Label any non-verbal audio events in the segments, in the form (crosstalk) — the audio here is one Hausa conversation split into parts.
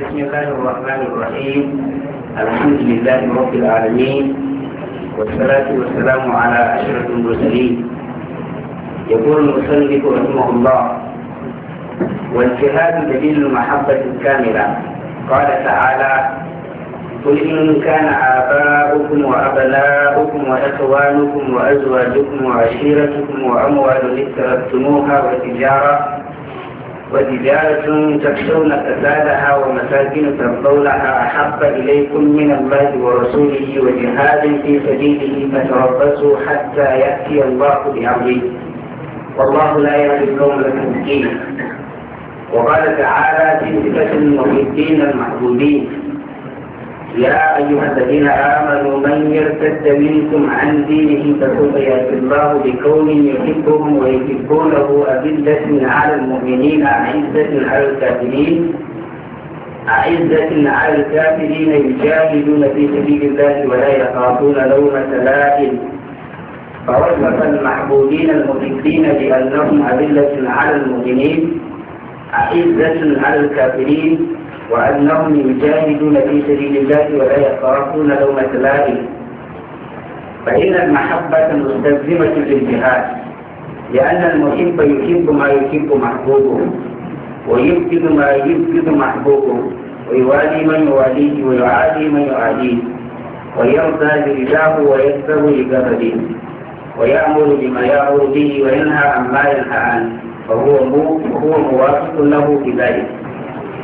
بسم الله الرحمن الرحيم الحمد لله رب العالمين والصلاة والسلام على أشرف المرسلين يقول المصنف رحمه الله والجهاد دليل المحبة الكاملة قال تعالى قل إن كان آباؤكم وأبناؤكم وإخوانكم وأزواجكم وعشيرتكم وأموال اقتربتموها وتجارة وتجارة تخشون فسادها ومساكن ترضونها أحب إليكم من الله ورسوله وجهاد في سبيله فتربصوا حتى يأتي الله بأمره والله لا يهدي القوم المسكين وقال تعالى في صفة المحبين المحبوبين يا أيها الذين آمنوا من يرتد منكم عن دينه فسوف يأتي الله بكون يحبهم ويحبونه أذلة على المؤمنين أعزة على الكافرين أعزة على الكافرين يجاهدون في سبيل الله ولا يخافون لومة لائم فوصف المحبوبين المحبين بأنهم أذلة على المؤمنين أعزة على الكافرين وأنهم يجاهدون في سبيل الله ولا يخافون لومة لائم فإن المحبة مستلزمة للجهاد لأن المحب يحب ما يحب محبوبه ويبغض ما يبغض محبوبه ويوالي من يواليه ويعادي من يعاديه ويرضى برضاه ويكذب لكبده ويأمر بما يأمر به وينهى عما ينهى عنه فهو موافق له في ذلك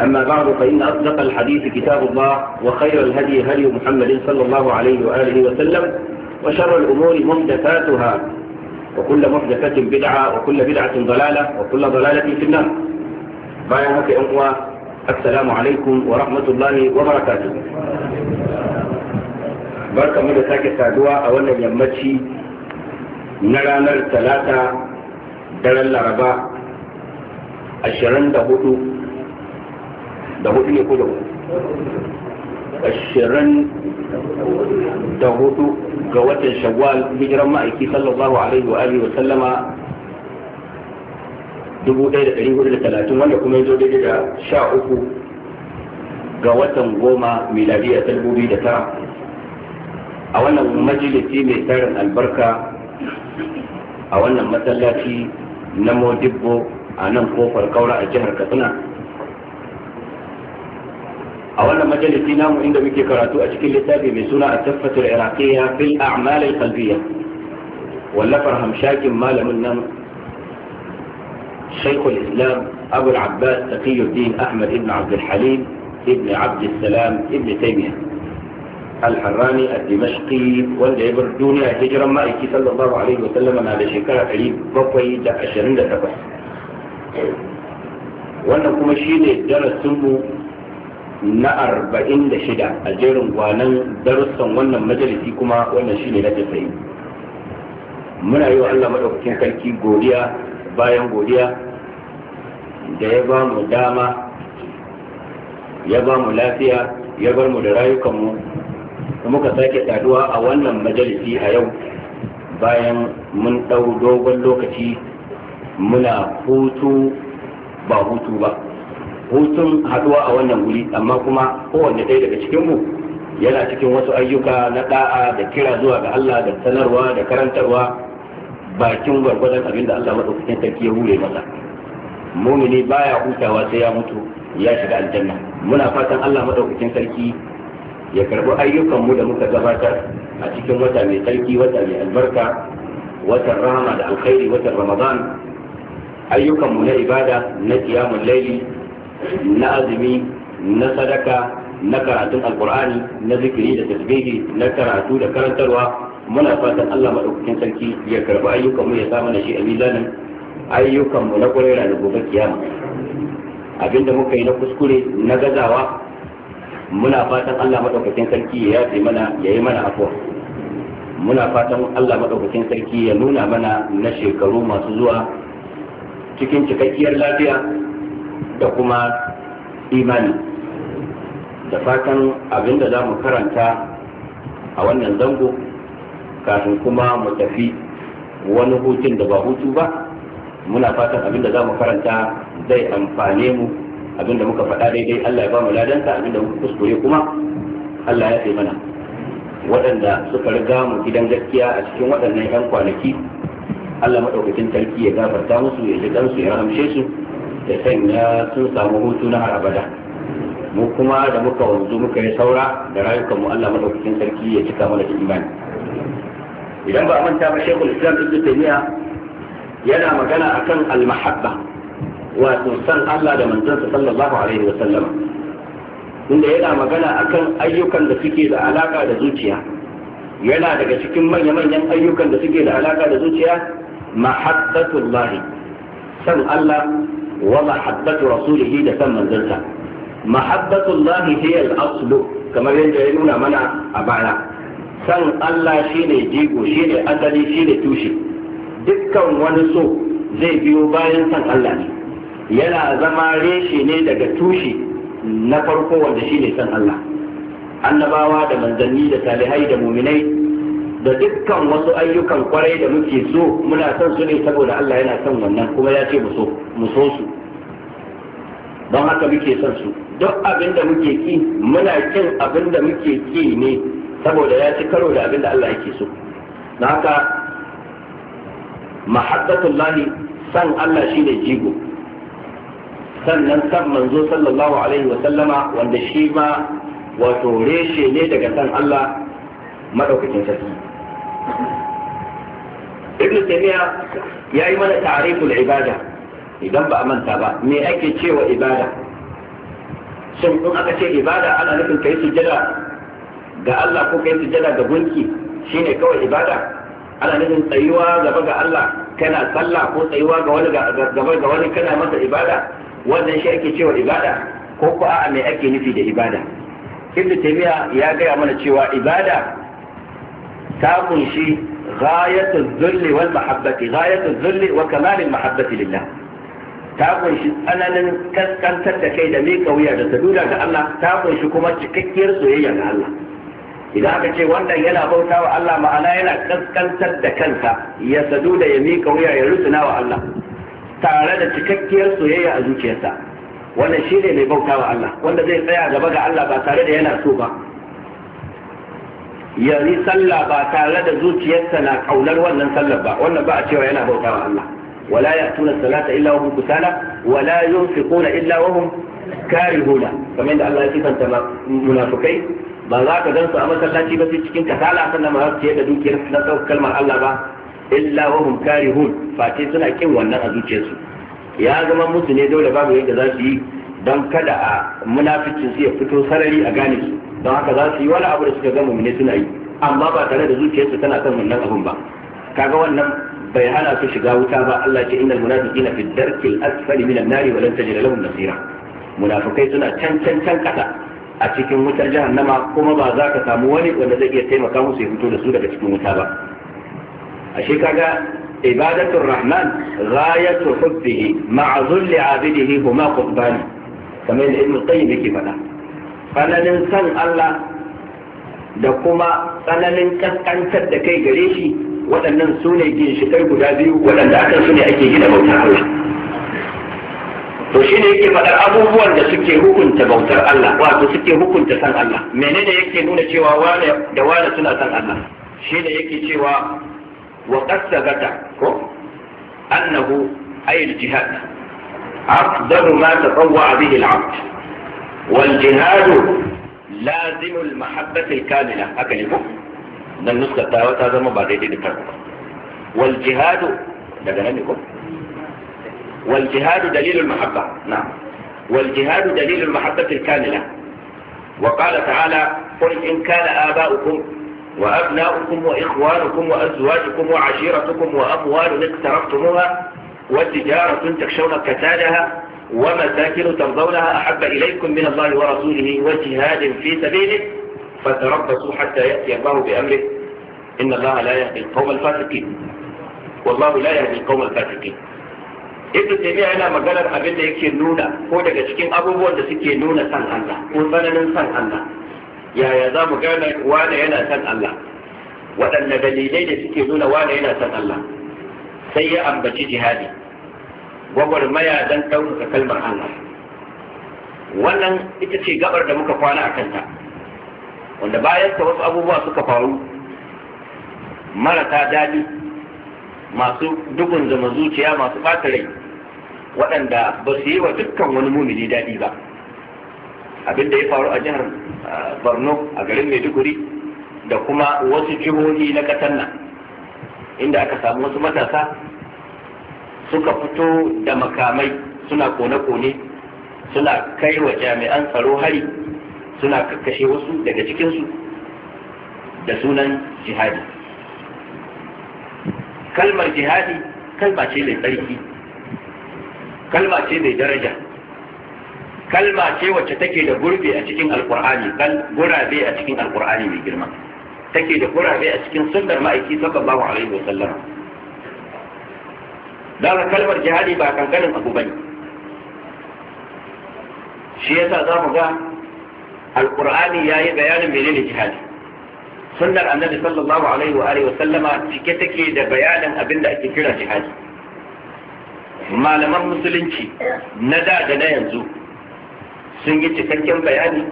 أما بعد فإن أصدق الحديث كتاب الله وخير الهدي هدي محمد صلى الله عليه وآله وسلم وشر الأمور محدثاتها وكل محدثة بدعة وكل بدعة ضلالة وكل ضلالة في النار بايعك هكي أموة السلام عليكم ورحمة الله وبركاته بركة من ساكة سادوة أولا يمتشي نرى نرى ثلاثة دلال ربا أشرن دهوتو da hudu ne ko da hudu ashirin da hudu ga watan shawwal hijiran ma'aiki sallallahu alaihi wa alihi wa sallama 1430 wanda kuma yanzu daidai da sha uku ga watan goma miladiya ta dubu da tara a wannan majalisi mai tarin albarka a wannan masallaci na modibbo a nan kofar kaura a jihar katsina a wannan majalisi namu inda muke karatu a cikin littafi mai suna a taffatul iraqiyya fil a'mal al qalbiyya wallafar hamshakin malamin nan shaykhul islam abu al abbas taqiyuddin ahmad ibn abd al halim ibn abd al salam ibn السلام al harrani al dimashqi wanda ya bar duniya hijran ma'aiki sallallahu alaihi wa sallama na da shekara 728 wannan kuma shi ne darasinmu na arba'in da shida a jerin gwanan darussan wannan majalisi kuma wannan shine na tafai muna yi wa Allah maɗaukakin sarki godiya bayan godiya da ya ba mu dama ya ba mu lafiya ya bar mu da rayukanmu da muka sake saduwa a wannan majalisi a yau bayan mun ɗau dogon lokaci muna hutu ba hutu ba hutun haduwa a wannan guri amma kuma kowanne ɗaya daga cikin mu yana cikin wasu ayyuka na da'a da kira zuwa ga Allah da sanarwa da karantarwa bakin gwargwadon abin da Allah madaukakin sarki ya hure masa mumini baya hutawa sai ya mutu ya shiga aljanna muna fatan Allah madaukakin sarki ya karɓi ayyukan mu da muka gabatar a cikin wata mai sarki wata mai albarka watan rahama da alkhairi watan ramadan ayyukan mu na ibada na qiyamul layli na azumi na sadaka na karatun alkur'ani na zikiri da tasbihi na karatu da karantarwa muna fatan Allah madaukakin sarki ya karba ayyukanmu ya sa mana shi a mizanin ayyukanmu na kwarai da gobe kiyama abinda muka yi na kuskure na gazawa muna fatan Allah madaukakin sarki ya yafe mana ya yi mana afuwa muna fatan Allah madaukakin sarki ya nuna mana na shekaru masu zuwa cikin cikakkiyar lafiya da kuma imani da fatan abin da za mu karanta a wannan zango kafin kuma mu tafi wani hutun da ba hutu ba muna fatan abin da za mu karanta zai amfane mu abin da muka faɗa daidai Allah ya ba mu ladanta da muka kuskure kuma Allah ya mana waɗanda suka riga mu gidan gaskiya a cikin waɗannan 'yan kwanaki Allah maɗaukacin tarki ya gafarta musu ya ji ɗansu ya ramshe su ya sanya sun samu hutu na har abada mu kuma da muka wanzu muka yi saura da rayukan mu Allah madaukakin sarki ya cika mana da imani idan ba manta ba shekul islam ibn taymiya yana magana akan al-mahabba wato san Allah da manzansa sallallahu alaihi wa sallam inda yana magana akan ayyukan da suke da alaka da zuciya yana daga cikin manya-manyan ayyukan da suke da alaka da zuciya mahabbatullahi san Allah wa mahabbatu rasulihi da san manzansa mahabbatullahi hiya al-aslu kamar yadda ya nuna mana a bara. san Allah shine jigo shine asali shine tushe dukkan wani so zai biyo bayan san Allah ne yana zama reshe ne daga tushe na farko wanda shine san Allah annabawa da manzanni da salihai da muminai da dukkan wasu ayyukan kwarai da muke so muna son su ne saboda Allah yana son wannan kuma ya ce mu so su don haka muke son su duk abin da muke ki muna kin abin da muke ki ne saboda ya ci karo da abin da Allah yake so don haka mahabbatullahi san Allah shi ne jigo sannan san manzo sallallahu alaihi wa sallama wanda shi ma wato reshe ne daga san Allah madaukakin sarki ibn taymiya yi mana ta'riful ibada idan ba a manta ba me ake cewa ibada shin in aka ce ibada ana nufin kai sujada ga Allah ko kai sujada ga gunki shine kawai ibada ana nufin tsayuwa gaba ga Allah kana sallah ko tsayuwa ga wani gaba ga wani kana masa ibada wannan shi ake cewa ibada ko ko a'a me ake nufi da ibada ibn taymiya ya gaya mana cewa ibada ta kunshi ghayatul zulli wal mahabbati ghayatul zulli wa kamalil mahabbati lillah ta kunshi tsananin kaskantar da kai da miƙa wuya da saduda ga Allah ta kunshi kuma cikakkiyar soyayya ga Allah idan aka ce wannan yana bauta wa Allah ma'ana yana kaskantar da kansa ya saduda ya miƙa wuya ya rusuna wa Allah tare da cikakkiyar soyayya a zuciyarsa wannan ne mai bauta wa Allah wanda zai tsaya gaba ga Allah ba tare da yana so ba ya yi sallah ba tare da zuciyarsa na kaunar wannan sallar ba wannan ba a cewa yana bauta wa Allah wala tuna salata illa wa kusala wala yunfiquna illa wa hum karihuna kamar yadda Allah ya sifanta munafikai ba za ka gansu a masallaci ba sai cikin kasala sannan ba za su da dukiyar na kalmar Allah ba illa wa hum karihun face suna kin wannan a zuciyarsu ya zama musu ne dole babu yadda za su yi don kada a munaficin su ya fito sarari a gane su don haka za su yi wani abu da suka gama mummune suna yi amma ba tare da zuciyarsu tana son wannan abun ba kaga wannan bai hana su shiga wuta ba Allah ce innal munafiqina fi darkil asfali minan nari wa lan tajida lahum nasira munafikai suna can can can kasa a cikin wutar jahannama kuma ba za ka samu wani wanda zai iya taimaka musu ya fito da su daga cikin wuta ba ashe kaga ibadatul rahman ghayatu hubbihi ma'a zulli abidihi huma qutbani kamar ibn qayyim yake faɗa tsananin san Allah da kuma tsananin ƙasƙantar da kai gare shi waɗannan su ne ginshiƙai guda biyu waɗanda akan su ne ake gina bautar Allah to shi ne yake faɗar abubuwan da suke hukunta bautar Allah wato suke hukunta san Allah menene yake nuna cewa wane da wane suna san Allah shi ne yake cewa wa gata ko annahu ayil jihad afdalu ma tatawwa bihi al-abd والجهاد لازم المحبة الكاملة أكلمه من النسخة تاوى هذا ما بعد يدي والجهاد ده والجهاد دليل المحبة نعم والجهاد دليل المحبة الكاملة وقال تعالى قل إن كان آباؤكم وأبناؤكم وإخوانكم وأزواجكم وعشيرتكم وأموال اقترفتموها وتجارة تخشون كتالها ومساكن ترضونها أحب إليكم من الله ورسوله وجهاد في سبيله فتربصوا حتى يأتي الله بأمره إن الله لا يهدي القوم الفاسقين والله لا يهدي القوم الفاسقين ibn taymiya yana maganar abin da yake nuna ko daga cikin abubuwan da suke nuna san Allah ko tsananin san Allah yaya za mu gane wane yana san Allah waɗanne dalilai da suke nuna wane yana san Allah sai ya ambaci jihadi gwagwarmaya don ɗaukaka kalmar Allah wannan ita ce gabar da muka kwana a kanta wanda bayan ta wasu abubuwa suka faru marasa daɗi masu dukun zama zuciya masu ɓata rai waɗanda ba su yi wa dukkan wani mumini daɗi ba abin da ya faru a jihar borno a garin maiduguri da kuma wasu jihohi na ƙasar nan inda aka samu wasu matasa suka fito da makamai suna kone-kone suna kai wa jami'an tsaro hari suna kakkashe wasu daga cikinsu da sunan jihadi kalmar jihadi kalma ce mai tsarki kalma ce mai daraja kalma ce wacce take da gurbe a cikin alkur'ani gurabe a cikin alkur'ani mai girma take da gurabe a cikin sunnar ma'aiki sallallahu alaihi wa sallam dan kalmar jihadi ba kankanin abu bane shi yasa za mu ga alqur'ani yayi bayanin menene jihadi sunnar annabi sallallahu alaihi wa alihi wa sallama cike take da bayanin abin da ake kira jihadi malaman musulunci na da da na yanzu sun yi cikakken bayani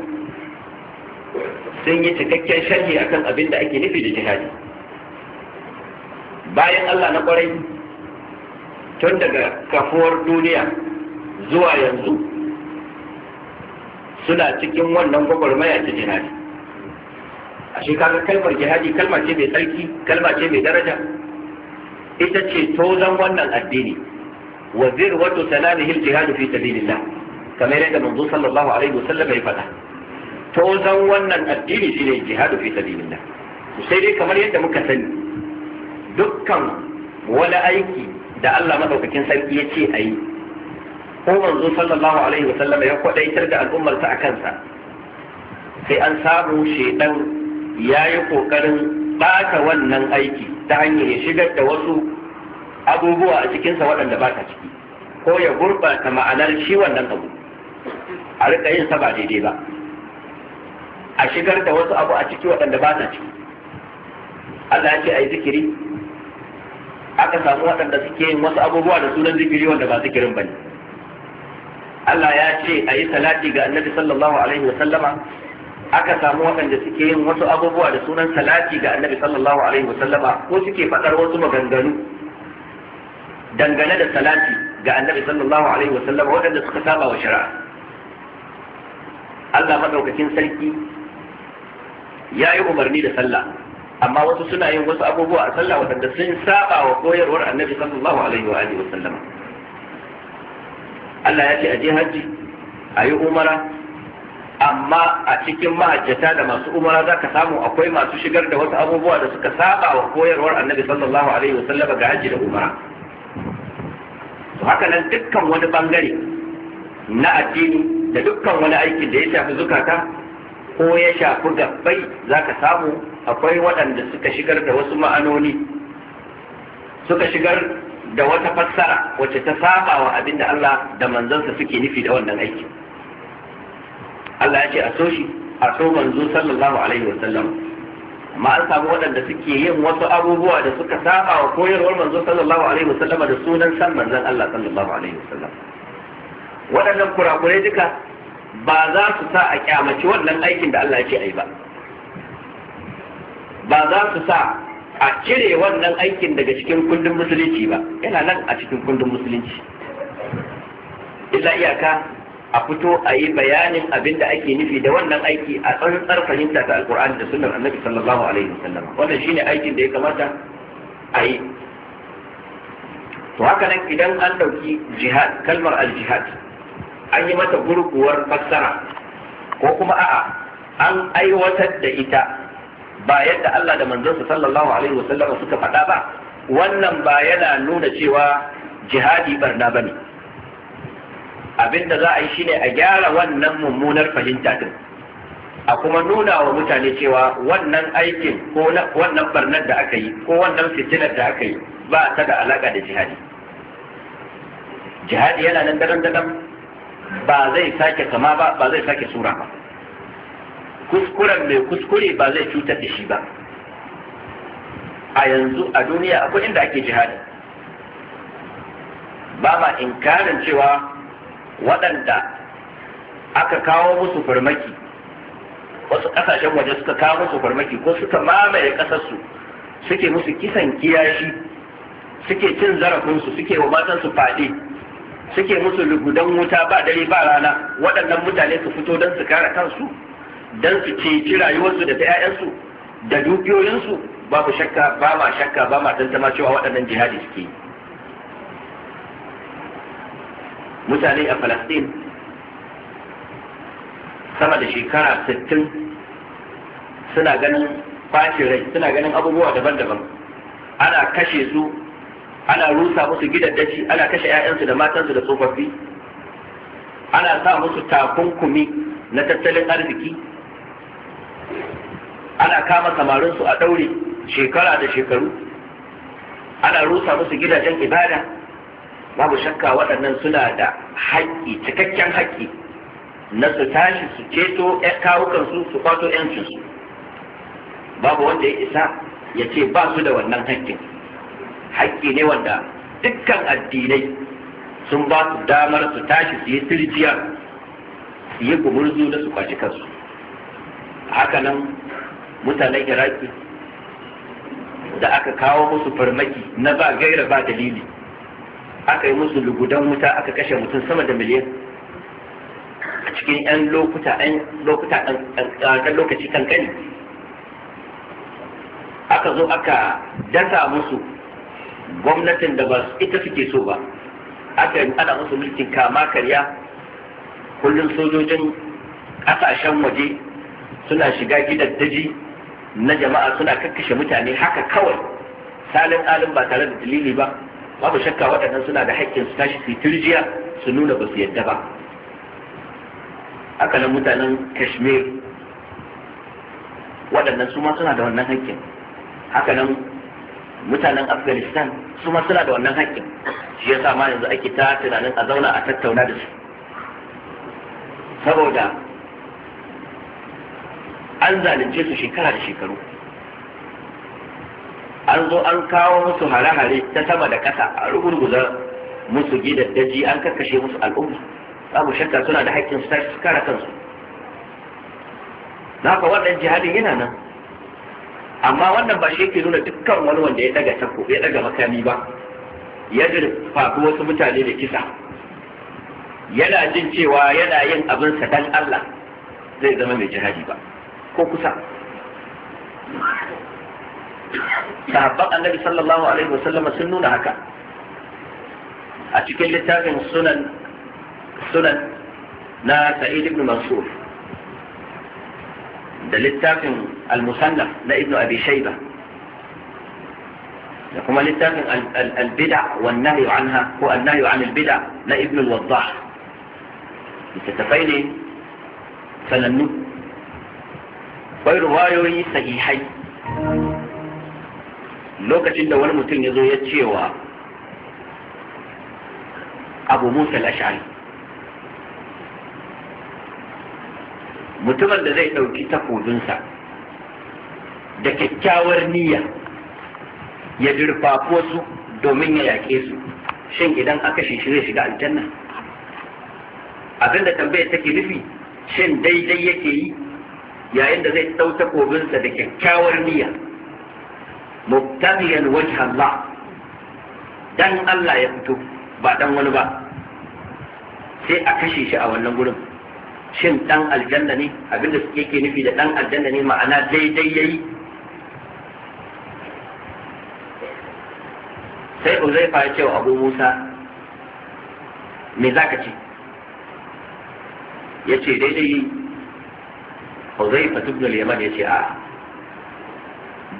sun yi cikakken sharhi akan abin da ake nufi da jihadi bayan Allah na kwarai tun daga kafuwar duniya zuwa yanzu suna cikin wannan gwagwarmaya ta jihadi a shekarar kalmar jihadi kalma ce mai tsarki kalma ce mai daraja ita ce tozan wannan addini wa zirwatu salamihi al-jihad fi sabilillah kamar yadda manzo sallallahu alaihi wasallam ya faɗa tozan wannan addini shine Jihadu fi sabilillah sai dai kamar yadda muka sani dukkan wani aiki da Allah madaukakin sarki ya ce a yi ko manzo sallallahu alaihi wasallam ya kwadaitar da al'ummarsa a kansa sai an samu shedan ya yi kokarin baka wannan aiki ta hanyar ya shigar da wasu abubuwa a cikinsa waɗanda ba ta ciki ko ya gurɓata ma'anar shi wannan abu a rika yin sa ba daidai ba a shigar da wasu abu a ciki waɗanda ba ta ciki Allah ya ce a yi zikiri aka samu waɗanda suke yin wasu abubuwa da sunan zikiri wanda ba zikirin ne. Allah ya ce a yi salati ga annabi sallallahu alaihi wa sallama aka samu waɗanda suke yin wasu abubuwa da sunan salati ga annabi sallallahu alaihi wa sallama ko suke faɗar wasu maganganu dangane da salati ga annabi sallallahu alaihi wa sallama waɗanda suka saba wa shari'a Allah maɗaukakin sarki ya yi umarni da sallah amma wasu suna yin wasu abubuwa a sallah waɗanda sun saba wa koyarwar annabi sallallahu alaihi wa alihi wasallam Allah ya ce a je haji a yi umara amma a cikin mahajjata da masu umara za ka samu akwai masu shigar da wasu abubuwa da suka saba wa koyarwar annabi sallallahu alaihi wasallam ga haji da umara to haka nan dukkan wani bangare na addini da dukkan wani aikin da ya shafi zukata ko ya shafi gabbai za ka samu akwai waɗanda suka shigar da wasu ma'anoni suka shigar da wata fassara wacce ta saba wa abin da Allah da manzansa suke nufi da wannan aiki Allah ya ce a so shi a so manzo sallallahu alaihi wasallam amma an samu waɗanda suke yin wasu abubuwa da suka saba wa koyarwar manzo sallallahu alaihi wasallam da sunan san manzon Allah sallallahu alaihi wasallam waɗannan kurakurai duka ba za su sa a kyamaci wannan aikin da Allah ya ce a yi ba ba za su sa a cire wannan aikin daga cikin kundin musulunci ba yana nan a cikin kundin musulunci illa iyaka a fito a yi bayanin abin da ake nufi da wannan aiki a tsantsar fahimta ta Alkur'an da sunan annabi sallallahu alaihi wasallam wannan shi ne aikin da ya kamata a yi to haka nan idan an dauki jihad kalmar al-jihad an yi mata gurguwar fassara ko kuma a'a an aiwatar da ita ba yadda Allah da manzonsa sallallahu alaihi wasallam suka faɗa ba wannan ba yana nuna cewa jihadi barna bane abinda za a yi shine a gyara wannan mummunar fahimta din a kuma nuna wa mutane cewa wannan aikin ko wannan barnar da aka yi ko wannan fitinar da aka yi ba ta da alaka da jihadi jihadi yana nan daren daren ba zai sake kama ba ba zai sake sura ba kuskuren mai kuskure ba zai cutar da shi ba a yanzu a duniya akwai inda ake jihadi ba ma inkarin cewa waɗanda aka kawo musu farmaki wasu ƙasashen waje suka kawo musu farmaki ko suka mamaye ƙasarsu suke musu kisan kiyashi suke cin zarafinsu suke wa matansu faɗi suke musu lugudan wuta ba dare ba rana waɗannan mutane su fito don su kare kansu don su ceci rayuwarsu da ta 'ya'yansu da dukiyoyinsu babu shakka ba ma shakka ba ma tantama cewa waɗannan jihadi suke mutane a falastin sama da shekara 60 suna ganin ɓacin rai suna ganin abubuwa daban-daban ana kashe su ana rusa musu gidaddaci ana kashe 'ya'yansu da matansu da tsofaffi ana sa musu takunkumi na tattalin arziki ana kama samarinsu a ɗaure shekara da shekaru ana rusa musu gidajen ibada babu shakka waɗannan suna da haƙƙi cikakken haƙƙi na su tashi su ceto kawukansu su kwato 'yancinsu babu wanda ya isa ya ce ba su da wannan haƙƙin haƙƙi ne wanda dukkan addinai sun ba su damar su tashi su yi tirjiya su yi gumurzu da su kwaci kansu haka nan mutanen iraki da aka kawo musu farmaki na ba gaira ba dalili aka yi musu lugudan wuta aka kashe mutum sama da miliyan a cikin 'yan lokuta 'yan lokuta ɗan lokaci kankani aka zo aka dasa musu gwamnatin da ba ita suke so ba aka yi ana musu mulkin kama karya kullum sojojin ƙasashen waje suna shiga gidan daji na jama'a suna kakkashe mutane haka kawai salin alin ba tare da dalili ba babu shakka waɗannan suna da haƙƙin su tashi turjiya su nuna ba su yadda ba haka nan mutanen kashmir waɗannan su ma suna da wannan haƙƙin haka nan mutanen afghanistan su ma suna da wannan haƙƙin shi ya ma yanzu ake ta tunanin a zauna a tattauna da su saboda an zalunce su shekara da shekaru an zo an kawo musu hare-hare ta sama da ƙasa a rugurguza musu daji an karkashe musu al'umma babu shakka suna da haƙƙin su kare kansu na ka wannan jihadin yana nan amma wannan ba shi yake nuna dukkan wani wanda ya daga tako ya daga makami ba ya faɗi wasu mutane da kisa yana jin cewa yana yin abin sa dan Allah zai zama mai jihadi ba ko kusa sahabban annabi sallallahu alaihi wasallam sun nuna haka a cikin littafin sunan sunan na sa'id ibn mansur da littafin al-musannaf na ibnu abi da kuma littafin al-bid'a wan nahyu anha ko an bid'a na ibnu al-waddah littattafai ne sanannu bai ruwayoyi sahihai lokacin da wani mutum ya zo ya cewa abu musa al-ash'ari mutumin da zai ɗauki takobinsa da kyakkyawar niyya ya durfafo su domin ya yaƙe su shin idan aka shi zai shiga aljanna abinda tambayar take nufi shin daidai yake yi yayin da zai ɗau takobinsa da kyakkyawar niyya mubtaghiyan wajen Allah dan Allah ya fito ba dan wani ba sai a kashe shi a wannan gurin shin dan aljanna ne abinda yake nufi da dan aljanna ne ma'ana daidai yayi sai uzaifa ya ce wa abu musa me za ka ce ya ce daidai fa tubnul yaman ya ce a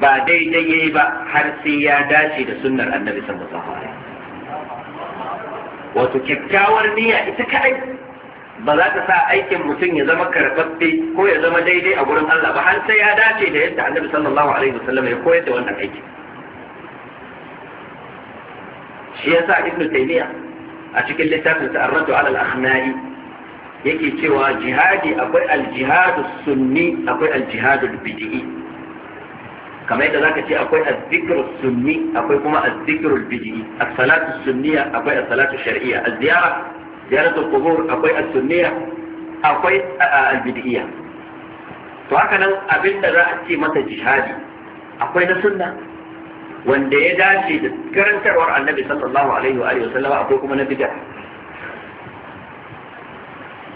ba daidai yayi ba har sai ya dace da sunnar annabi sallallahu alaihi wato kyakkyawar niyya ita kadai ba za ta sa aikin mutum ya zama karɓaɓɓe ko ya zama daidai a gurin Allah ba har sai ya dace da yadda annabi sallallahu alaihi wasallam ya koyar da wannan aiki shi yasa ibnu taymiya a cikin littafin sa ar-radd ala al-akhnai yake cewa jihadi akwai al sunni akwai al-jihad bid'i kamar yadda zaka ce akwai az-zikr sunni akwai kuma az-zikr bid'i as-salatu sunniya akwai as-salatu shar'iyya az-ziyara ziyaratul qubur akwai as-sunniyya akwai al-bid'iyya to haka nan abin da za a ce masa jihadi akwai na sunna wanda ya dace da karantarwar annabi sallallahu alaihi wa alihi wasallam akwai kuma na bid'a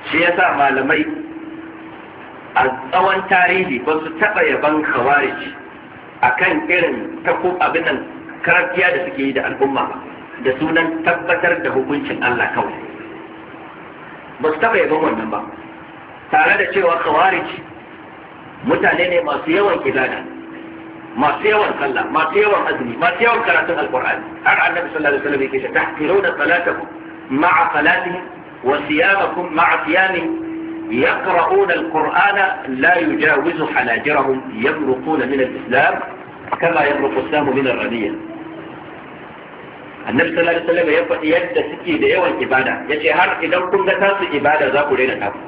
shi yasa malamai a tsawon tarihi ba su taba yaban khawarij akan irin takub abin nan karafiya da suke yi da al'umma da sunan tabbatar da hukuncin Allah kawai ba su taɓa yaban wannan ba tare da cewa khawarij mutane ne masu yawan ibada masu yawan sallah masu yawan azumi masu yawan karatun alqur'ani har annabi sallallahu alaihi wasallam yake cewa tahqiruna salatakum ma'a salatihim wa siyamakum ma'a siyamihim يقرؤون القرآن لا يجاوز حناجرهم يمرقون من الإسلام كما يمرق السام من الرمية annabi sallallahu alaihi wasallam ya faɗi yadda suke da yawan ibada yace har idan kun ga tasu ibada za ku daina taku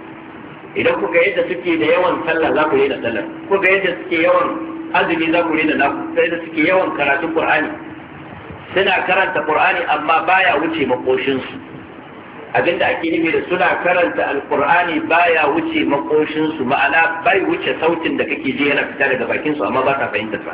idan ga yadda suke da yawan sallah za ku daina sallah ga yadda suke yawan azumi za ku daina naku sai da suke yawan karatun qur'ani suna karanta qur'ani amma baya wuce makoshin su abinda ake nufi da suna karanta alqur'ani baya wuce makoshin su ma'ana bai wuce sautin da kake ji yana fita daga bakin su amma ba ta fahimta ba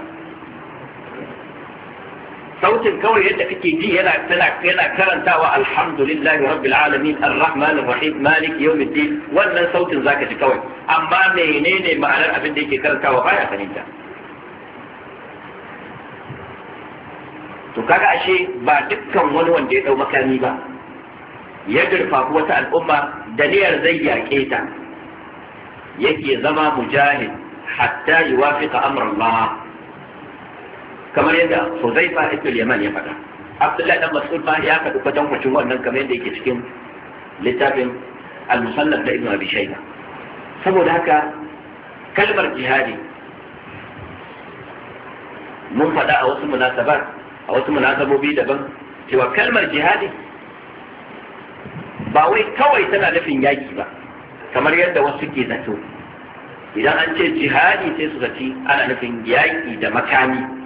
sautin kawai yadda kake ji yana tana yana karantawa alhamdulillahi rabbil alamin arrahmanir rahim malik yawmiddin wannan sautin zaka ji kawai amma menene ma'anar abin da yake karantawa baya fahimta to ashe ba dukkan wani wanda ya dau makami ba ya durfafi wata al'umma daniyar zai yaƙe ta yake zama mujahid hatta yuwafiqa amrullah kamar yadda Huzaifa ibn Yaman ya faɗa Abdullahi dan Mas'ud ma ya faɗi kwatan kwacin wannan kamar yadda yake cikin littafin al-musannaf da Ibn Abi Shayba saboda haka kalmar jihadi mun faɗa a wasu munasabar a wasu munasabobi daban cewa kalmar jihadi ba wai kawai tana nufin yaki ba kamar yadda wasu ke zato idan an ce jihadi sai su zaci ana nufin yaƙi da makami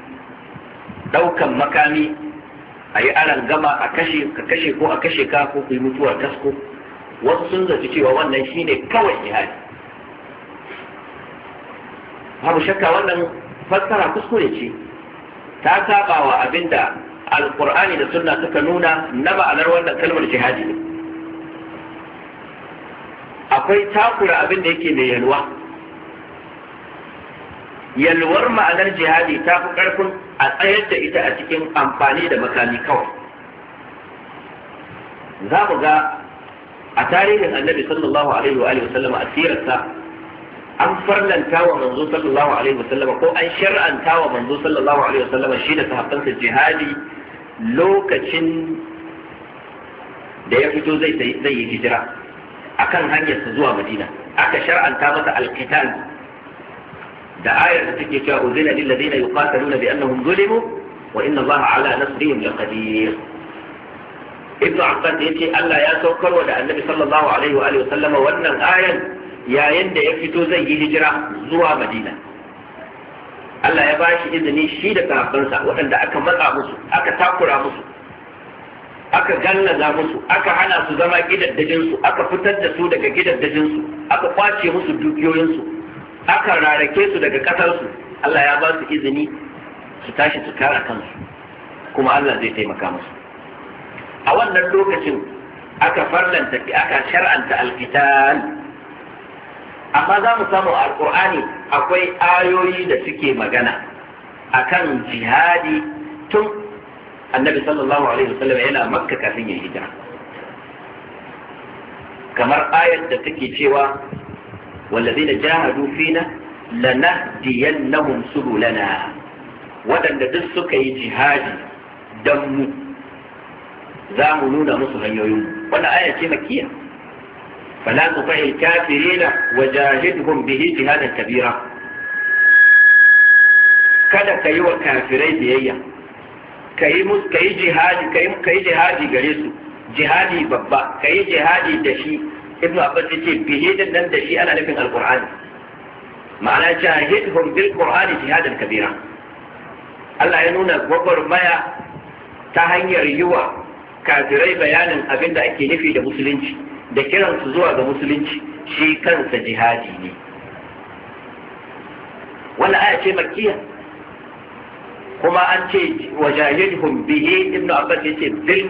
Daukan makami a yi aran gama a kashe ka kashe ko a kashe ka ko ku yi mutuwar tasko wasu sun zaci cewa wannan shine kawai jihadi babu shakka wannan fassara kuskure ce ta saba wa abinda alkur'ani da sunna suka nuna na ma'anar wannan kalmar jihadi ne akwai takura abin da yake mai yalwa yalwar ma'anar jihadi ta fi ƙarfin a tsayar da ita a cikin amfani da makami kawai za mu ga a tarihin annabi sallallahu alaihi wa sallama a sirarsa an farlanta wa manzo sallallahu alaihi wa sallama ko an shar'anta wa manzo sallallahu alaihi wa sallama shi da sahabbansa jihadi lokacin da ya fito zai yi hijira akan hanyarsa zuwa madina aka shar'anta masa alkitan da ayar da take cewa uzina lil ladina yuqataluna bi annahum zulimu wa inna allaha ala nasrihim laqadir ibnu abbas yace Allah ya wa da annabi sallallahu alaihi wa alihi wannan ayan yayin da ya fito zai yi hijira zuwa madina Allah ya bashi izini shi da sahabbansa waɗanda aka matsa musu aka takura musu aka gallaza musu aka hana su zama gidaddajin aka fitar da su daga gidan dajinsu, aka kwace musu dukiyoyinsu. aka rarake su daga ƙasarsu Allah ya ba su izini su tashi su kara kansu kuma Allah zai taimaka musu a wannan lokacin aka farlanta aka shar'anta alqital amma za mu samu alkur'ani alqur'ani akwai ayoyi da suke magana akan jihadi tun annabi sallallahu alaihi wasallam yana makka kafin ya hijira kamar ayar da take cewa wallazina jahadu fina lanahdiyannahum subulana waɗanda duk suka yi jihadi dan mu za mu nuna musu hanyoyin wanda aya ce makiya fala tufahi kafirina wajahidhum bihi jihadan kabira kada ka yi wa kafirai biyayya ka yi jihadi gare su jihadi babba ka yi jihadi da shi ibn abbas yace bihi din nan da shi ana nufin alqur'ani ma'ana jahidhum bil qur'ani jihadan kabira Allah ya nuna gwagwarmaya ta hanyar yiwa kafirai bayanin abin da ake nufi da musulunci da kiransu zuwa ga musulunci shi kansa jihadi ne wannan aya ce makkiya kuma an ce yace bil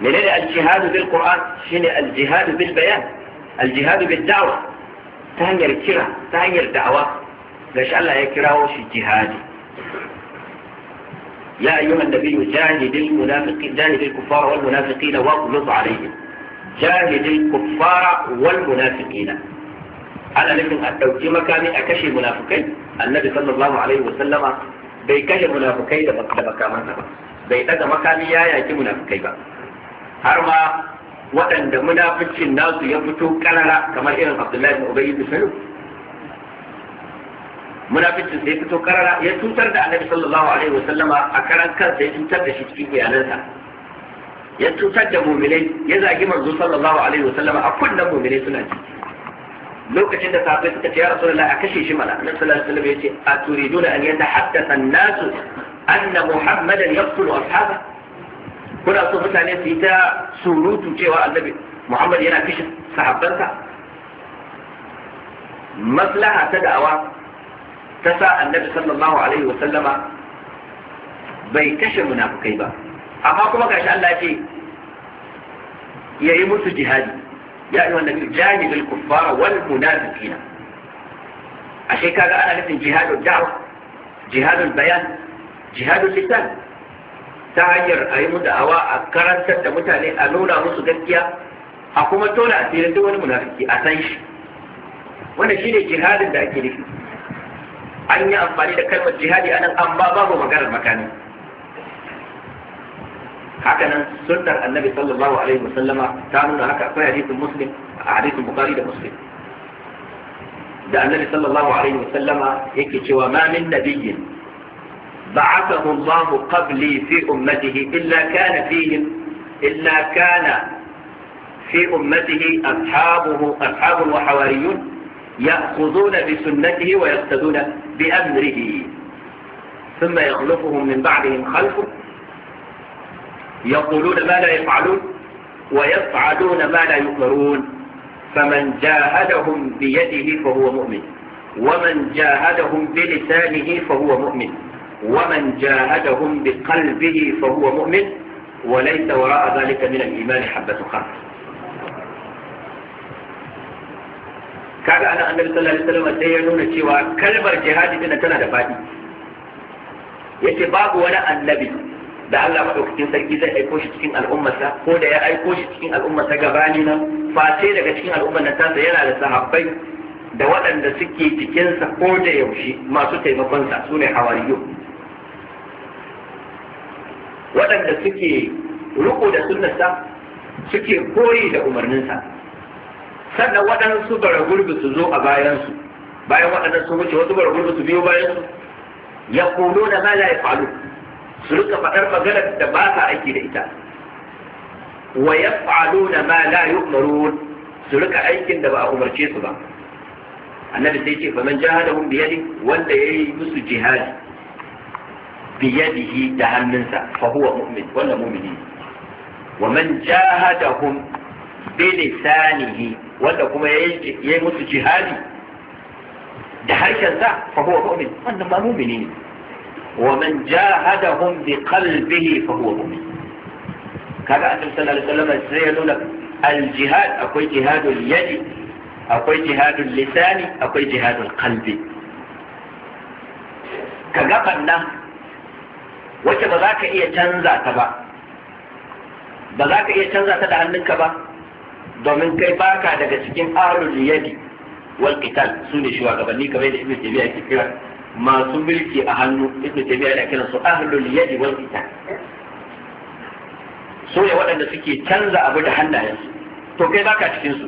menene الجهاد بالقرآن qur'an الجهاد بالبيان الجهاد بالدعوة تهني الكرة تهني الدعوة hanyar الله يكره hanyar الجهاد يا أيها النبي جاهد المنافقين جاهد الكفار والمنافقين واغلظ عليهم جاهد الكفار والمنافقين أنا لكم التوجيه مكاني أكشي منافقين النبي صلى الله عليه وسلم بيكشي منافقين لمكامنا بيتدى مكاني يا يا منافقين har ma waɗanda munaficin nasu ya fito ƙarara kamar irin abdullahi bin ubayy bin salul munaficin sai fito ƙarara ya tutar da annabi sallallahu alaihi wa sallama a karan kansa ya cutar da shi cikin iyalansa ya tutar da mu'minai ya zagi manzo sallallahu alaihi wa sallama a kunna mu'minai suna ci lokacin da sahabbai suka ce ya rasulullahi a kashe shi mana annabi sallallahu alaihi wa sallam ya ce a turiduna an yatahaddatha an-nasu anna muhammadan yaqtulu ashabahu kuna so mutane su yi ta surutu cewa annabi muhammad yana kishe sahabbansa maslaha ta da'awa ta sa annabi sallallahu alaihi wa sallama bai kashe munafukai ba amma kuma gashi Allah ya ce yayi musu jihadi ya yi wannan jihadi bil kuffara wal munafiqina ashe kaga ana nufin jihadul da'wa jihadul bayan jihadul lisan ta hanyar a yi da'awa a karantar da mutane a nuna musu gaskiya a kuma tona asirin duk wani munafiki a san shi wanda shi ne jihadin da ake nufi an yi amfani da kalmar jihadi a an amma babu maganar makami hakanan sunnar annabi sallallahu alaihi wasallama ta nuna haka akwai hadisin muslim a hadisin bukari da muslim da annabi sallallahu alaihi wasallama yake cewa ma min nabiyyin بعثه الله قبلي في أمته إلا كان فيهم إلا كان في أمته أصحابه أصحاب وحواريون يأخذون بسنته ويقتدون بأمره ثم يخلفهم من بعدهم خلفه يقولون ما لا يفعلون ويفعلون ما لا يؤمرون فمن جاهدهم بيده فهو مؤمن ومن جاهدهم بلسانه فهو مؤمن ومن جاهدهم بقلبه فهو مؤمن وليس وراء ذلك من الإيمان حبة خمس kaga ana annabi sallallahu alaihi wasallam sai ya nuna cewa kalmar jihadi din tana da fadi yace babu wani annabi da Allah madaukakin sarki zai aiko shi cikin al'ummarsa ko da ya aiko shi cikin al'ummarsa gabani nan face daga cikin al'ummar nan tasa yana da sahabbai da waɗanda suke cikinsa ko da yaushe masu taimakonsa su ne hawariyu waɗanda suke riko da sunnarsa suke koyi da umarninsa sannan waɗansu bara gurbi su zo a bayansu bayan waɗannan sun wuce wasu bara gurbi su biyo bayansu ya kulo da ma ya yafalu su rika faɗar maganar da ba sa aiki da ita wa ya yafalu da ma la yu'marun su rika aikin da ba a umarce su ba annabi sai ce faman jahadahum biyadi wanda yayi musu jihadi biyadihi da hannunsa fa huwa mu'min wanda mu'mini wa man jahadahum bi lisanihi wanda kuma yayi musu jihadi da harshen sa fa huwa mu'min wannan ba mu'mini ne wa man jahadahum bi qalbihi fa huwa mu'min kaga annabi sallallahu alaihi wasallam sai ya nuna al-jihad akwai jihadul yadi akwai jihadul lisani akwai jihadul qalbi ka gaban nan wacce ba za ka iya canza ta ba ba za ka iya canza ta da hannunka ba domin kai baka daga cikin ahlul yadi wal qital su ne shugabanni kamar da ibnu tabi'a yake kira masu mulki a hannu ibnu tabi'a yana kira su ahlul yadi wal qital su ne waɗanda suke canza abu da hannayensu to kai baka cikin su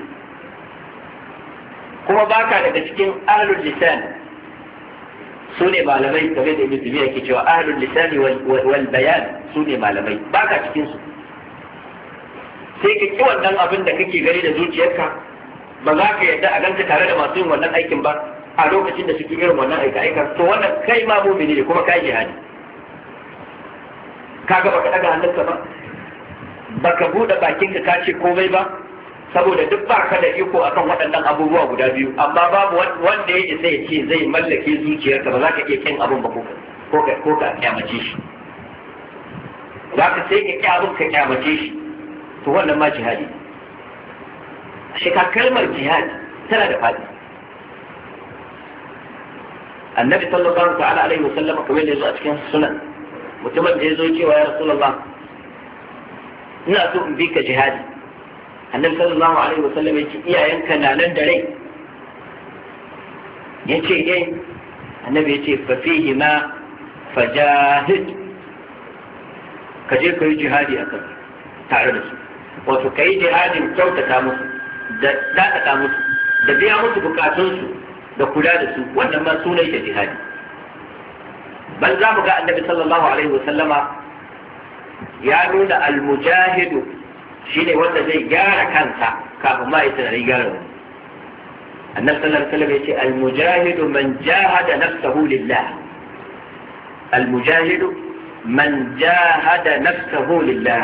kuma baka daga cikin ahlul lisan su ne malamai kamar da ibn tumiya ke cewa ahlul lisani wal bayan su ne malamai ka cikin su sai ka ki wannan abin da kake gani da zuciyarka ba za ka yarda a ganka tare da masu yin wannan aikin ba a lokacin da suke irin wannan aika aika to wannan kai ma mumini ne kuma kai jihadi kaga baka daga hannunka ba baka bude bakinka ka ce komai ba saboda duk ba ka da iko akan waɗannan abubuwa guda biyu amma babu wanda ya isa ya ce zai mallake zuciyarka ba za ka iya kin abin ba ko ka kyamace shi za ka sai ka kya abin ka kyamace shi to wannan ma jihadi shi ka kalmar jihadi tana da faɗi annabi sallallahu ta'ala alaihi wa sallam kamar da a cikin sunan mutumin da yazo cewa ya rasulullah ina so in bi ka jihadi annabi sallallahu alaihi sallam ya iyayen iyayenka na nan da rai ya ce eh annabi ya ce fa fihi ma fajahid ka je ka yi jihadi a kan tare da su wato ka yi jihadin kyautata musu da dakata musu da biya musu bukatunsu da kula da su wannan ma sunai shi jihadi ban za mu ga annabi sallallahu alaihi wa sallama ya nuna Al mujahidu. shi ne wanda zai gyara kansa kafin ma ya tunanin gyara wani annabi sallallahu alaihi wasallam yace al-mujahidu man jahada nafsahu lillah al-mujahidu man jahada nafsahu lillah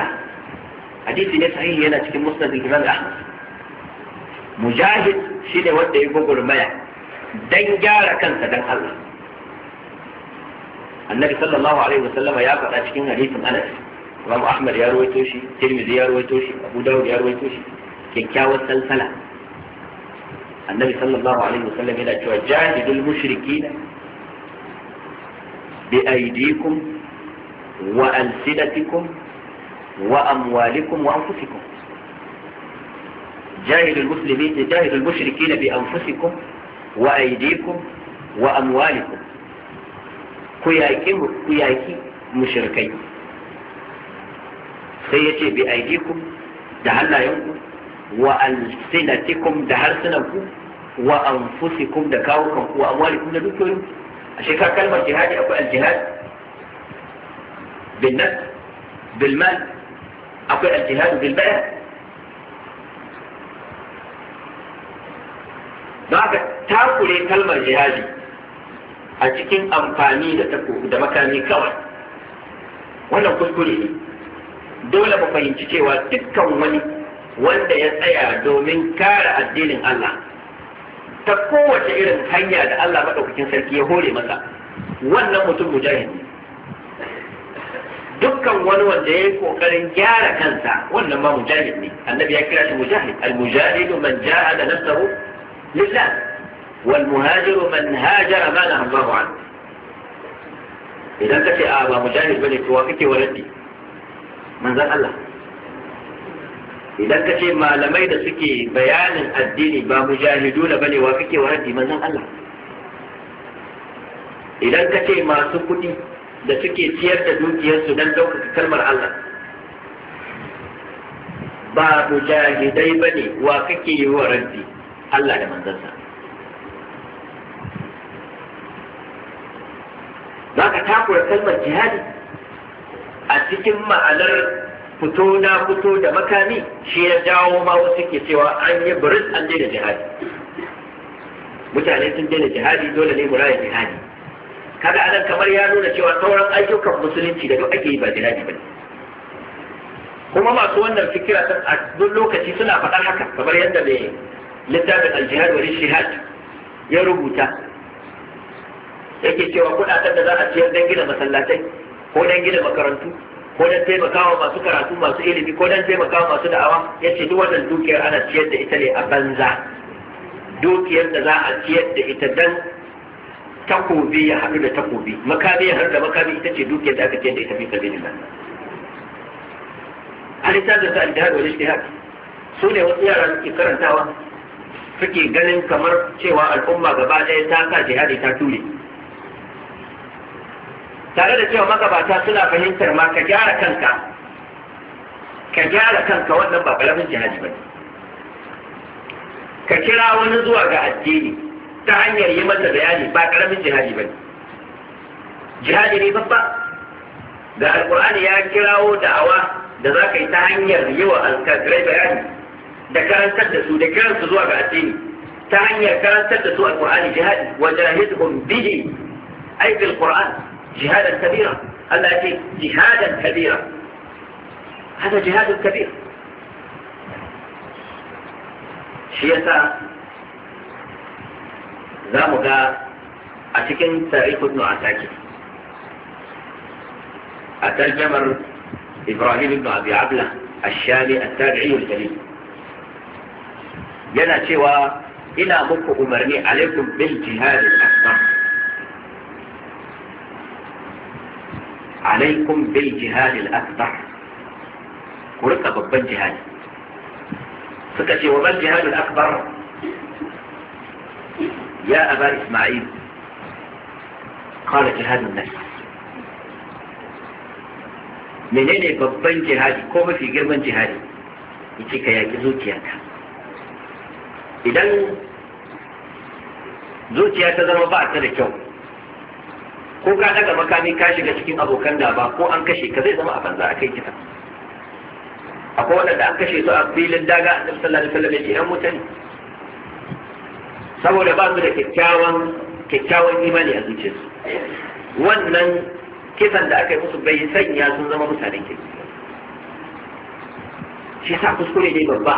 hadisi ne sahihi yana cikin musnad ibn ahmad mujahid shine wanda ya gugurmaya dan gyara kansa dan Allah annabi sallallahu alaihi wasallam ya faɗa cikin hadisin Anas imam ahmad ya rawaito shi tirmidhi ya rawaito shi abu dawud ya rawaito shi kyakkyawar salsala annabi sallallahu alaihi wasallam yana cewa jahidul mushrikina bi aydikum wa alsidatikum wa amwalikum wa anfusikum جاهد المسلمين جاهد المشركين بأنفسكم وأيديكم وأموالكم كياكي مشركين sai ya ce bi aidikum da hannayenku wa alsinatikum da harsunanku wa anfusikum da kawukanku wa amwalikum da dukiyoyin a shekar kalmar jihadi akwai aljihad bin nas bil mal akwai aljihad bil bayan don haka takure kalmar jihadi a cikin amfani da makami kawai wannan kuskure ne dole ba fahimci cewa dukkan wani wanda ya tsaya domin kare addinin Allah ta kowace irin hanya da Allah madaukakin sarki ya hore masa wannan mutum mujahid ne dukkan wani wanda ya kokarin gyara kansa wannan ma mujahid ne annabi ya kira shi mujahid al-mujahid man ja'a da nafsahu lillah wal muhajir man hajara ma Allah an idan kace a ba mujahid bane to wa kake waradi manzan Allah idan ka ce malamai da suke bayanin addini ba mu mujahidu na bane wa kake wa raddi manzan Allah idan ka ce masu kuɗi da suke ciyar da dukiyarsu don ɗaukaka kalmar Allah ba mu jahidai ba ne wa kake yi wa raddi Allah da manzansa ba ka takura kalmar jihadi a cikin ma'anar fito na fito da makami shi ya jawo ma wasu ke cewa an yi buris an daina jihadi mutane sun daina jihadi dole ne ya jihadi kada anan kamar ya nuna cewa sauran ayyukan musulunci da duk ake yi ba jihadi ba kuma masu wannan fikira a duk lokaci suna faɗar haka kamar yadda mai littafin aljihad wani shihad ya rubuta yake cewa kuɗaɗen da za a ciyar don gina masallatai ko dan gina makarantu ko dan taimakawa masu karatu masu ilimi ko dan taimakawa masu da'awa ya ce duk wannan dukiyar ana ciyar da ita ne a banza dukiyar da za a ciyar da ita dan takobi ya haɗu da takobi makami ya haɗu da makami ita ce dukiyar da aka ciyar da ita fi sabilillah alisabin sa al-jihad wal ijtihad su ne wasu yara suke karantawa suke ganin kamar cewa al'umma gaba ɗaya ta sa jihadi ta ture tare da cewa magabata suna fahimtar ma ka gyara kanka ka gyara kanka wannan ba ƙaramin jihadi ba ka kira wani zuwa ga addini ta hanyar yi masa bayani ba ƙaramin jihadi ba jihadi ne babba da alƙur'ani ya kirawo da'awa da za ka yi ta hanyar yi wa alkazirai bayani da karantar da su da kiransu zuwa ga addini ta hanyar karantar da su alƙur'ani jihadi wajen jahidhum bihi ay bil qur'an جهادا كبيرا ألا يأتي جهادا كبيرا هذا جهاد كبير شيئتا زامدا أتكن تاريخ ابن عساكر أتى إبراهيم بن أبي عبلة الشامي التابعي الكريم ينا شوى إلى مكه مرني عليكم بالجهاد الأكبر alaikum bil jihad al-akbar ku rika babban jihadi suka ce wa bal jihad al-akbar ya aba isma'il qala jihad an-nafs menene babban jihadi ko mafi girman jihadi yace ka yaki ka idan zuciya ta zama ba ta da kyau ko ka daga makami ka shiga cikin abokan da ba ko an kashe ka zai zama a banza a kai kisa akwai wanda an kashe su a filin daga a ɗan sallallahu alaihi wasallam ya ce mutane saboda ba su da kyakkyawan kyakkyawan imani a zuciyarsu wannan kisan da aka yi musu bai sanya sun zama mutanen kirki shi sa kuskure ne babba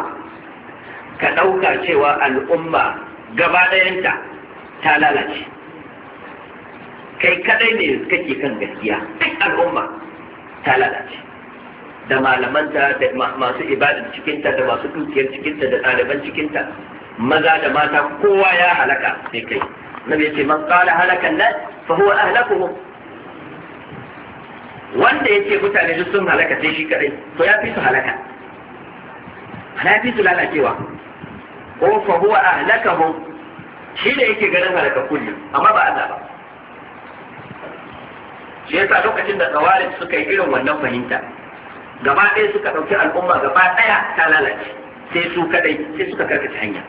ka ɗauka cewa al'umma gaba ɗayanta ta lalace kai kadai ne kake kan gaskiya duk al'umma ta lalace da malamanta da masu ibadar cikinta da masu dukiyar cikinta da ɗaliban cikinta maza da mata kowa ya halaka sai kai nabi ce man qala halakan nas fa huwa ahlakuhum wanda yake mutane duk sun halaka sai shi kadai to ya fi su halaka ya fi su lalacewa ko fa huwa ahlakuhum shi da yake ganin halaka kullu amma ba Allah ba shi yasa lokacin da tsawarin suka yi irin wannan fahimta gaba ɗaya suka ɗauki al'umma gaba ɗaya ta lalace sai su kadai sai suka karkace hanya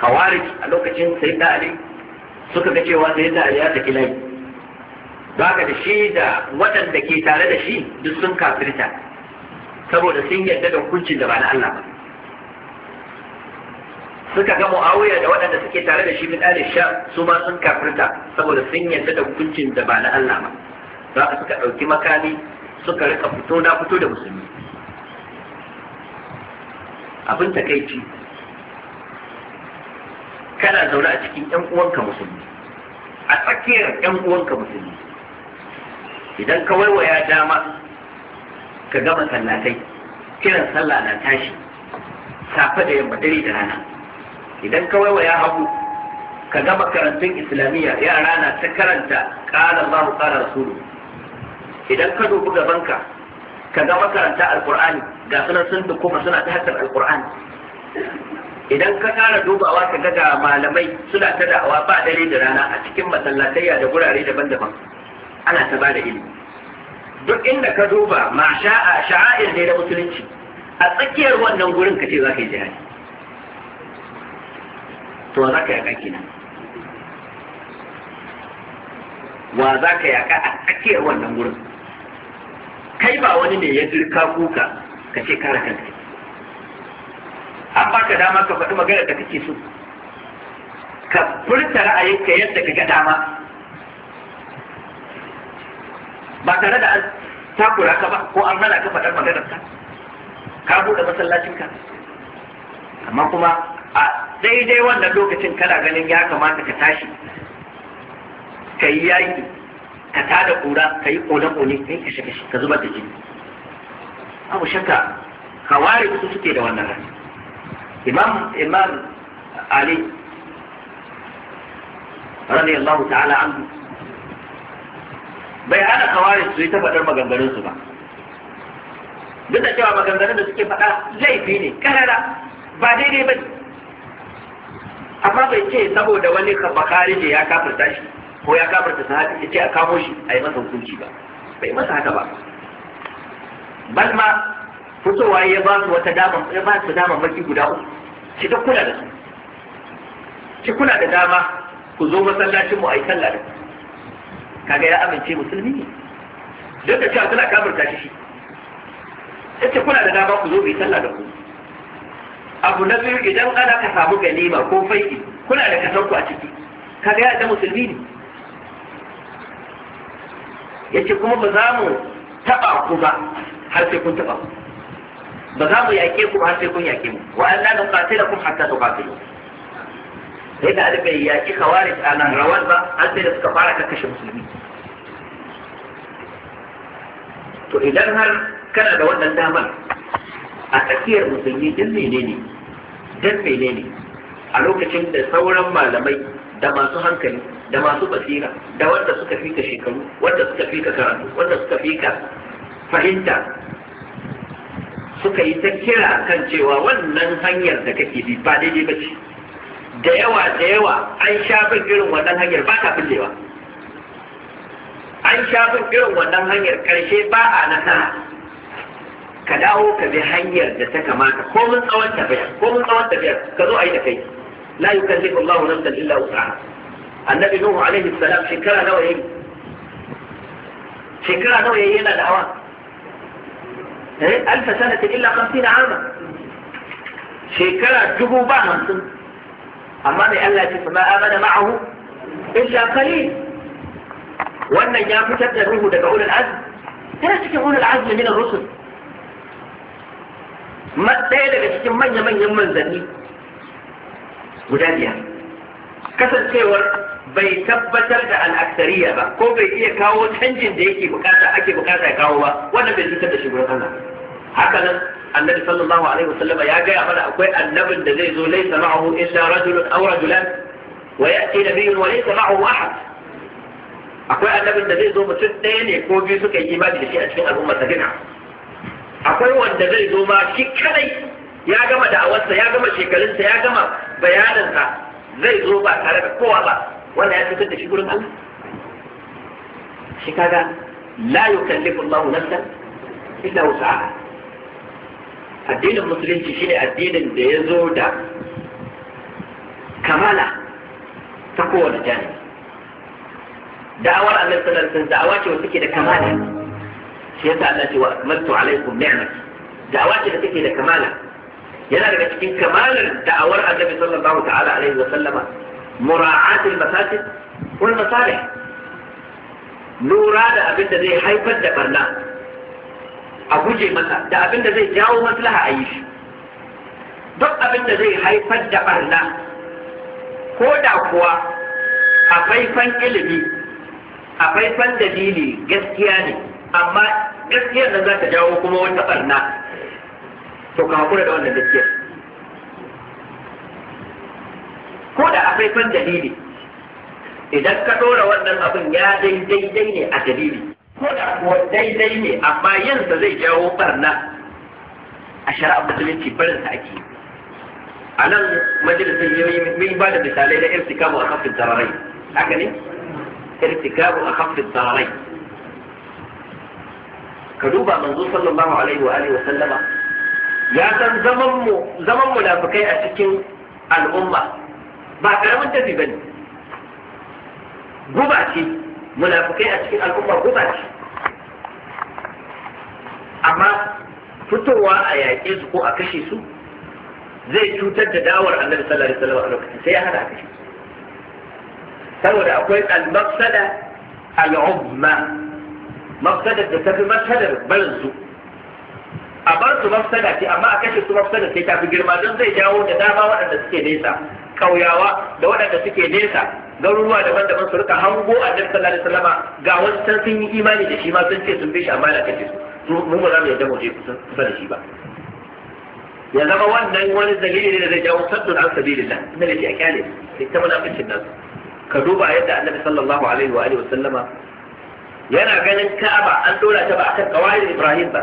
khawarij a lokacin da ali suka ga cewa da ali ya saki layi baka da shi da waɗanda ke tare da shi duk sun kafirta saboda sun yarda da hukuncin da ba na Allah ba suka ga muawiya da waɗanda suke tare da shi min ali sha su ma sun kafirta saboda sun yarda da hukuncin da ba na Allah ba za ka suka ɗauki makami suka rika fito na fito da musulmi abin takaici kana zaune a cikin ƴan uwanka musulmi a tsakiyar ƴan uwanka musulmi idan ka waiwaya dama ka gama sallatai kiran sallah na tashi safe da yamma dare da rana idan wa 'ya hagu ka ga makarantun islamiyya yara na ta karanta ba mu ƙara rasulu idan ka dubi gabanka ka ga makaranta alƙur'ani ga sunan sun kuma suna ta hatar alƙur'ani idan ka kara dubawa ka ga malamai suna ta da'awa ba dare da rana a cikin masallatayya da gurare daban-daban ana ta bada ilimi duk inda ka duba ma sha'a sha'air ne da musulunci a tsakiyar wannan gurin ka ce za ka yi jihadi to za ka yaƙa kenan wa za ka yaƙa a tsakiyar wannan gurin kai ba wani ne ya jirka kuka ka ce kare kanka an baka dama ka faɗi magana da kake so ka furta ra'ayinka yadda ka ga dama ba tare da an takura ka ba ko an hana ka faɗar maganar ka ka buɗe masallacinka amma kuma a daidai wannan lokacin kana ganin ya kamata ka tashi ka yi yaƙi ka tada ƙura ka yi ƙone-ƙone ka yi kashe-kashe ka zubar da jini abu shakka kawari su suke da wannan rani imam imam ali rani allahu ta'ala an bai hana kawari su yi ta faɗar maganganunsu ba duk da cewa maganganun da suke faɗa laifi ne karara ba daidai ba ne amma bai ce saboda wani bakari ne ya kafirta shi ko ya kafirta sa ya ce a kamo shi a yi masa hukunci ba bai masa haka ba bal ma fitowa ya ba su wata dama ya ba su dama maki guda uku ki ta kula da su ki kula da dama ku zo masallacin mu a yi sallah da kaga ya amince musulmi ne duk da cewa suna kafirta shi yace kuna da dama ku zo mu yi sallah da ku abu na biyu idan ana ka samu ganima ko faiki kuna da kasanku a ciki kaga ya da musulmi ne ce kuma ba za mu taba ku ba har sai kun taba ku ba za mu yaƙe ku har sai kun yaƙe mu wa an da nuqatilakum hatta tuqatilu sai da yaƙi kawarin a nan rawar ba har sai da suka fara kakkashe musulmi to idan har kana da wannan damar a tsakiyar musulmi din menene dan menene a lokacin da sauran malamai da masu hankali da masu basira da wanda suka fi ka shekaru wanda suka fi ka karatu wanda suka fi ka fahimta suka yi ta kira kan cewa wannan hanyar da kake bi ba daidai ba ce da yawa da yawa an sha bin irin wannan hanyar ba ta fillewa an sha bin irin wannan hanyar karshe ba a nasara ka dawo ka bi hanyar da ta kamata ko mun tsawon tafiya ko mun tsawon tafiya ka zo a yi da kai la yukallifu Allahu nafsan illa wus'aha annabi nuhu alaihi salam shekara nawa yayi shekara nawa yayi yana da hawa eh alfa sanata illa 50 ama shekara dubu ba hamsin amma mai Allah ce fa ma amana ma'ahu illa qalil wannan ya fitar da ruhu daga ulul azm tana cikin ulul azmi min ar-rusul ɗaya daga cikin manya-manyan manzanni guda biyar kasancewar bai tabbatar da al'aktariya ba ko bai iya kawo canjin da yake bukata ake bukata ya kawo ba wannan bai cutar da shi gurin Allah haka nan annabi sallallahu alaihi wasallam ya gaya mana akwai annabin da zai zo laysa ma'ahu illa rajulun aw rajulan wa ya'ti nabiyyun wa laysa ma'ahu ahad akwai annabin da zai zo mutum ɗaya ne ko biyu suka yi imani da shi a cikin al'ummar sa akwai wanda zai zo ma shi kadai ya gama da'awarsa ya gama shekarunsa ya gama bayaninsa zai zo ba tare da kowa ba wanda ya fitar da shi gurin Allah shi kaga la yukallifu Allahu nafsan illa wus'aha addinin musulunci shine addinin da ya zo da kamala ta kowane jani da'awar Allah sallallahu alaihi wasallam da'awa ce wacce take da kamala سيسا التي وأكملت عليكم نعمتي دعواتي لتكيد كمالا ينا لبتكين كمالا تأورها النبي صلى الله تعالى عليه وسلم مراعاة المفاسد والمصالح نورادة أبدا ذي حيبت دبرنا أبوجي مثلا دا أبدا ذي جاو مثلها أيش دق أبدا ذي حيبت برنا كودا كوا أفايفان إلمي أفايفان دليلي قسكياني amma gaskiyar nan za ta jawo kuma wata barna to ka hakura da wannan gaskiyar ko da akwai kan dalili idan ka dora wannan abin ya daidai ne a dalili ko da kuwa daidai ne amma yansa zai jawo barna a shara'a musulunci barinsa ake yi a nan majalisar yi ba da misalai na irtikabu a kafin tararai haka ne irtikabu a kafin tararai ka duba manzo sallallahu alaihi wa alihi wa sallama ya san zaman mu zaman munafikai a cikin al'umma ba karamin tafi bane guba ce munafukai a cikin al'umma guba ce amma fitowa a yaƙe su ko a kashe su zai cutar da dawar annabi sallallahu alaihi wasallam a lokacin sai ya hana kashe su saboda akwai al-mafsada al-umma mafsadar da ta fi mafsadar barin su a bar su mafsada ce amma a kashe su mafsada sai ta fi girma don zai jawo da dama waɗanda suke nesa ƙauyawa da waɗanda suke nesa garuruwa daban-daban su rika hango a nan sallallahu alaihi wasallama ga wasu can sun yi imani da shi ma sun ce sun bi shi amma na kashe su mu ba za mu yadda mu je kusa da shi ba ya zama wannan wani dalili ne da zai jawo saddun an da na, da ke a kyale sai ta munafincin nasu ka duba yadda annabi sallallahu alaihi wa alihi sallama yana ganin ka'aba an dora ta ba akan kawai ibrahim ba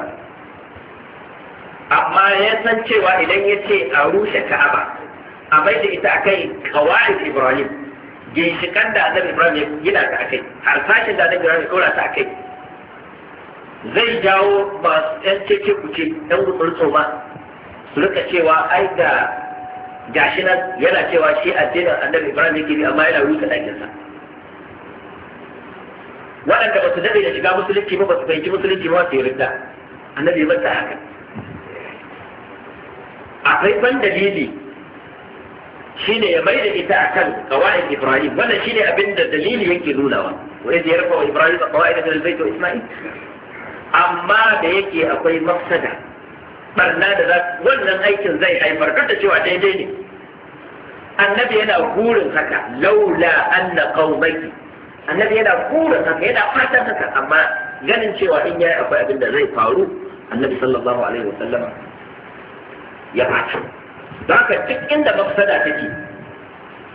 amma ya san cewa idan ya ce a rushe ka'aba a mai da ita akai kawai ibrahim ginshikan da azan ibrahim ya gina ta akai harsashin da azan ibrahim ya dora ta akai zai jawo masu yan cece kuce yan gumurtso ma su rika cewa ai da gashi nan yana cewa shi addinin annabi ibrahim yake bi amma yana rusa ɗakinsa waɗanda ba su daɗe da shiga musulunci ba ba su fahimci musulunci ba su yi rinda annabi ba ta haka akwai ban dalili shi ne ya mai da ita akan ƙawa'in ibrahim wannan shine abin da dalili yake nunawa wa idh yarfa ibrahim ƙawa'in min zai wa isma'il amma da yake akwai mafsada barna da za wannan aikin zai haifar kada cewa daidai ne annabi yana gurin haka laula anna qaumaki annabi yana kura kanka yana fatan kanka amma ganin cewa in yayi akwai abin da zai faru annabi sallallahu alaihi wasallam ya fata don haka duk inda mafsada take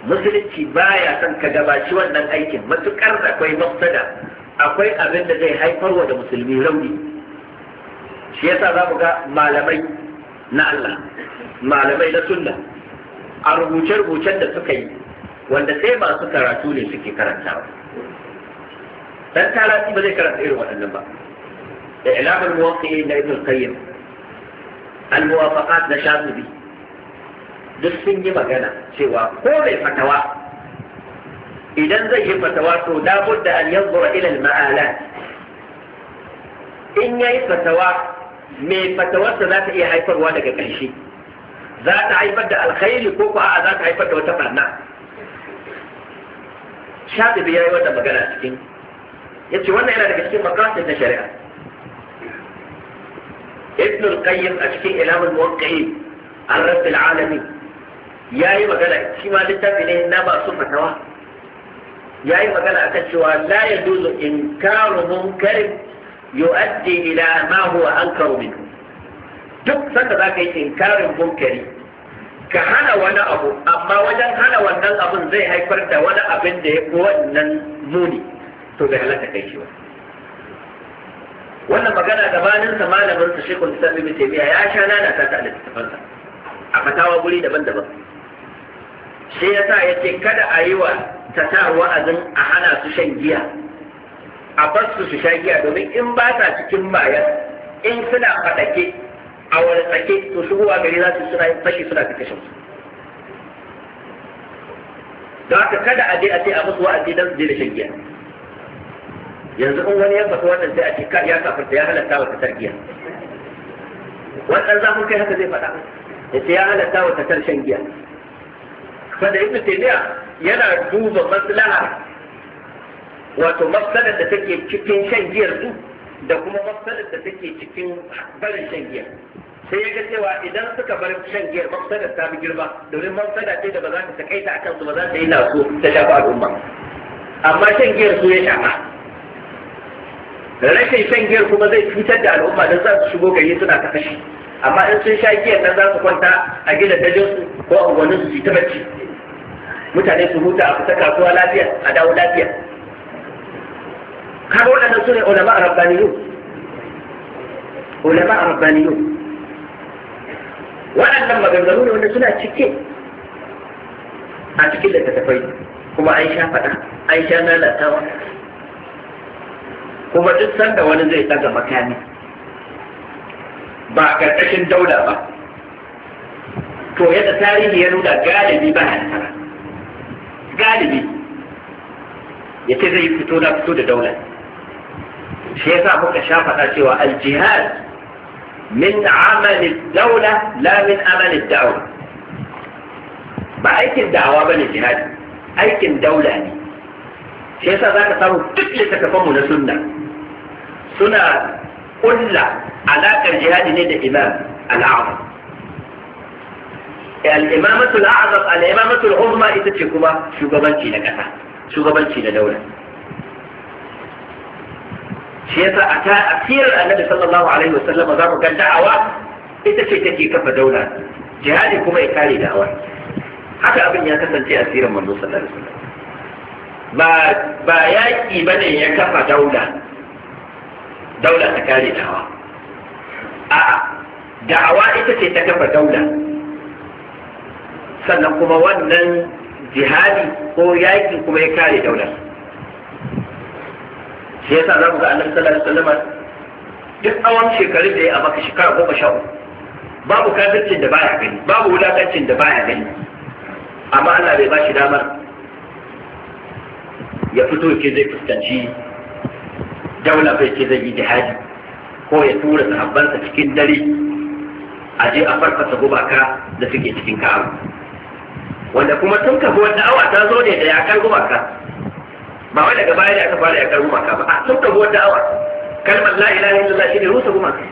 musulunci baya son ka gabaci wannan aikin matukar akwai mafsada akwai abin da zai haifarwa da musulmi rauni shi yasa za mu ga malamai na Allah malamai na sunna a rubuce-rubucen da suka yi wanda sai masu karatu ne suke karantawa فأنت على أسيب ذلك لا تقيله وأنما إعلام الموقعين لابن القيم الموافقات نشاط به دسين جمع جنا سوى كل فتوى إذا زي فتوى لا بد أن ينظر إلى المعالات إن أي فتوى من فتوى ذات إيه هيفر ولك كهشي ذات عيفر دا الخيل كوكو ذات عيفر دا وتفرنا شاد بيهي ودا مجرى سكين yace wannan yana daga cikin maqasid na shari'a ibn al-qayyim a cikin ilamul muwaqqi'in ar-rabb al-alamin yayi magana shi ma littafi ne na ba su fatawa yayi magana akan cewa la yaduzu inkaru munkarin yu'addi ila ma huwa ankaru min. duk sanda za ka yi inkarin munkari ka hana wani abu amma wajen hana wannan abun zai haifar da wani abin da ya fi wannan muni to bai halaka kai shi ba wannan magana gabanin sa malamin sa Sheikhul Islam Ibn Taymiyyah ya sha nana ta ta littafin sa a fatawa guri daban-daban sai ya sa ya ce kada a yi wa ta sa wa'azin a hana su shan giya a bar su su sha giya domin in ba ta cikin bayan in suna faɗake a wani tsake to su ruwa gari za su suna yin fashi suna fi kashe su da haka kada a je a ce a musu wa'azi don su je da shan giya yanzu in wani ya faɗi wannan sai a ce ya kafarta ya halatta wa kasar giya wannan zafin kai haka zai faɗa ya ce ya halatta wa kasar shan giya kada ibnu taymiya yana duba maslaha wato mafsadar da take cikin shan giyar su da kuma mafsadar da take cikin barin shan giyar sai ya ga cewa idan suka bar shan giyar mafsadar ta fi girma domin mafsada ce da ba za ta sakaita a kansu ba za ta yi naso ta shafa al'umma amma shan giyar su ya shafa rashin shan giyar kuma zai cutar da al'umma don za su shigo gari suna ta kashi amma in sun sha giyar nan za su kwanta a gidan dajin su ko a unguwannin su ta bacci mutane su huta a fita kasuwa lafiya a dawo lafiya kaga waɗannan su ne ulama rabbaniyun ulama rabbaniyun waɗannan maganganu ne wanda suna cike a cikin tafai kuma an sha faɗa an sha lalatawa kuma duk sanda wani zai daga makami ba karkashin daula ba to yadda tarihi ya nuna galibi ba hantara galibi ya ce zai fito na fito da daula shi sa muka sha faɗa cewa aljihad min amali daula la min amali da'wa ba aikin da'awa ba ne jihad aikin daula ne shi za ka samu duk littattafanmu mu na sunna suna kulla alaƙar jihadi ne da imam mutu al'imamatu al'azam mutu al'uzma ita ce kuma shugabanci na ƙasa shugabanci na daula shi yasa a tasirar annabi sallallahu alaihi wasallam za mu ga da'awa ita ce take kafa daula jihadi kuma ya kare da'awa haka abin ya kasance a sirar manzo sallallahu alaihi wasallam ba ba yaƙi bane ya kafa daula daula ta kare dawa a da'awa ita ce ta kafa daula sannan kuma wannan jihadi ko yaƙi kuma ya kare daular shi yasa za mu ga annabi sallallahu alaihi wasallam duk tsawon shekarun da ya a maka shekara goma sha uku babu kafircin da baya gani babu wulakancin da baya gani amma Allah bai ba shi damar ya fito ke zai fuskanci daula bai ce zai yi jihadi ko ya tura sahabbansa cikin dare a je a farfasa gubaka da suke cikin ka'aba wanda kuma tun kafa wanda awa ta zo ne da yakar gubaka ba wai daga baya da aka fara yakar gubaka ba a tun kafa wanda awa kalmar la ilaha illallah shine rusa gubaka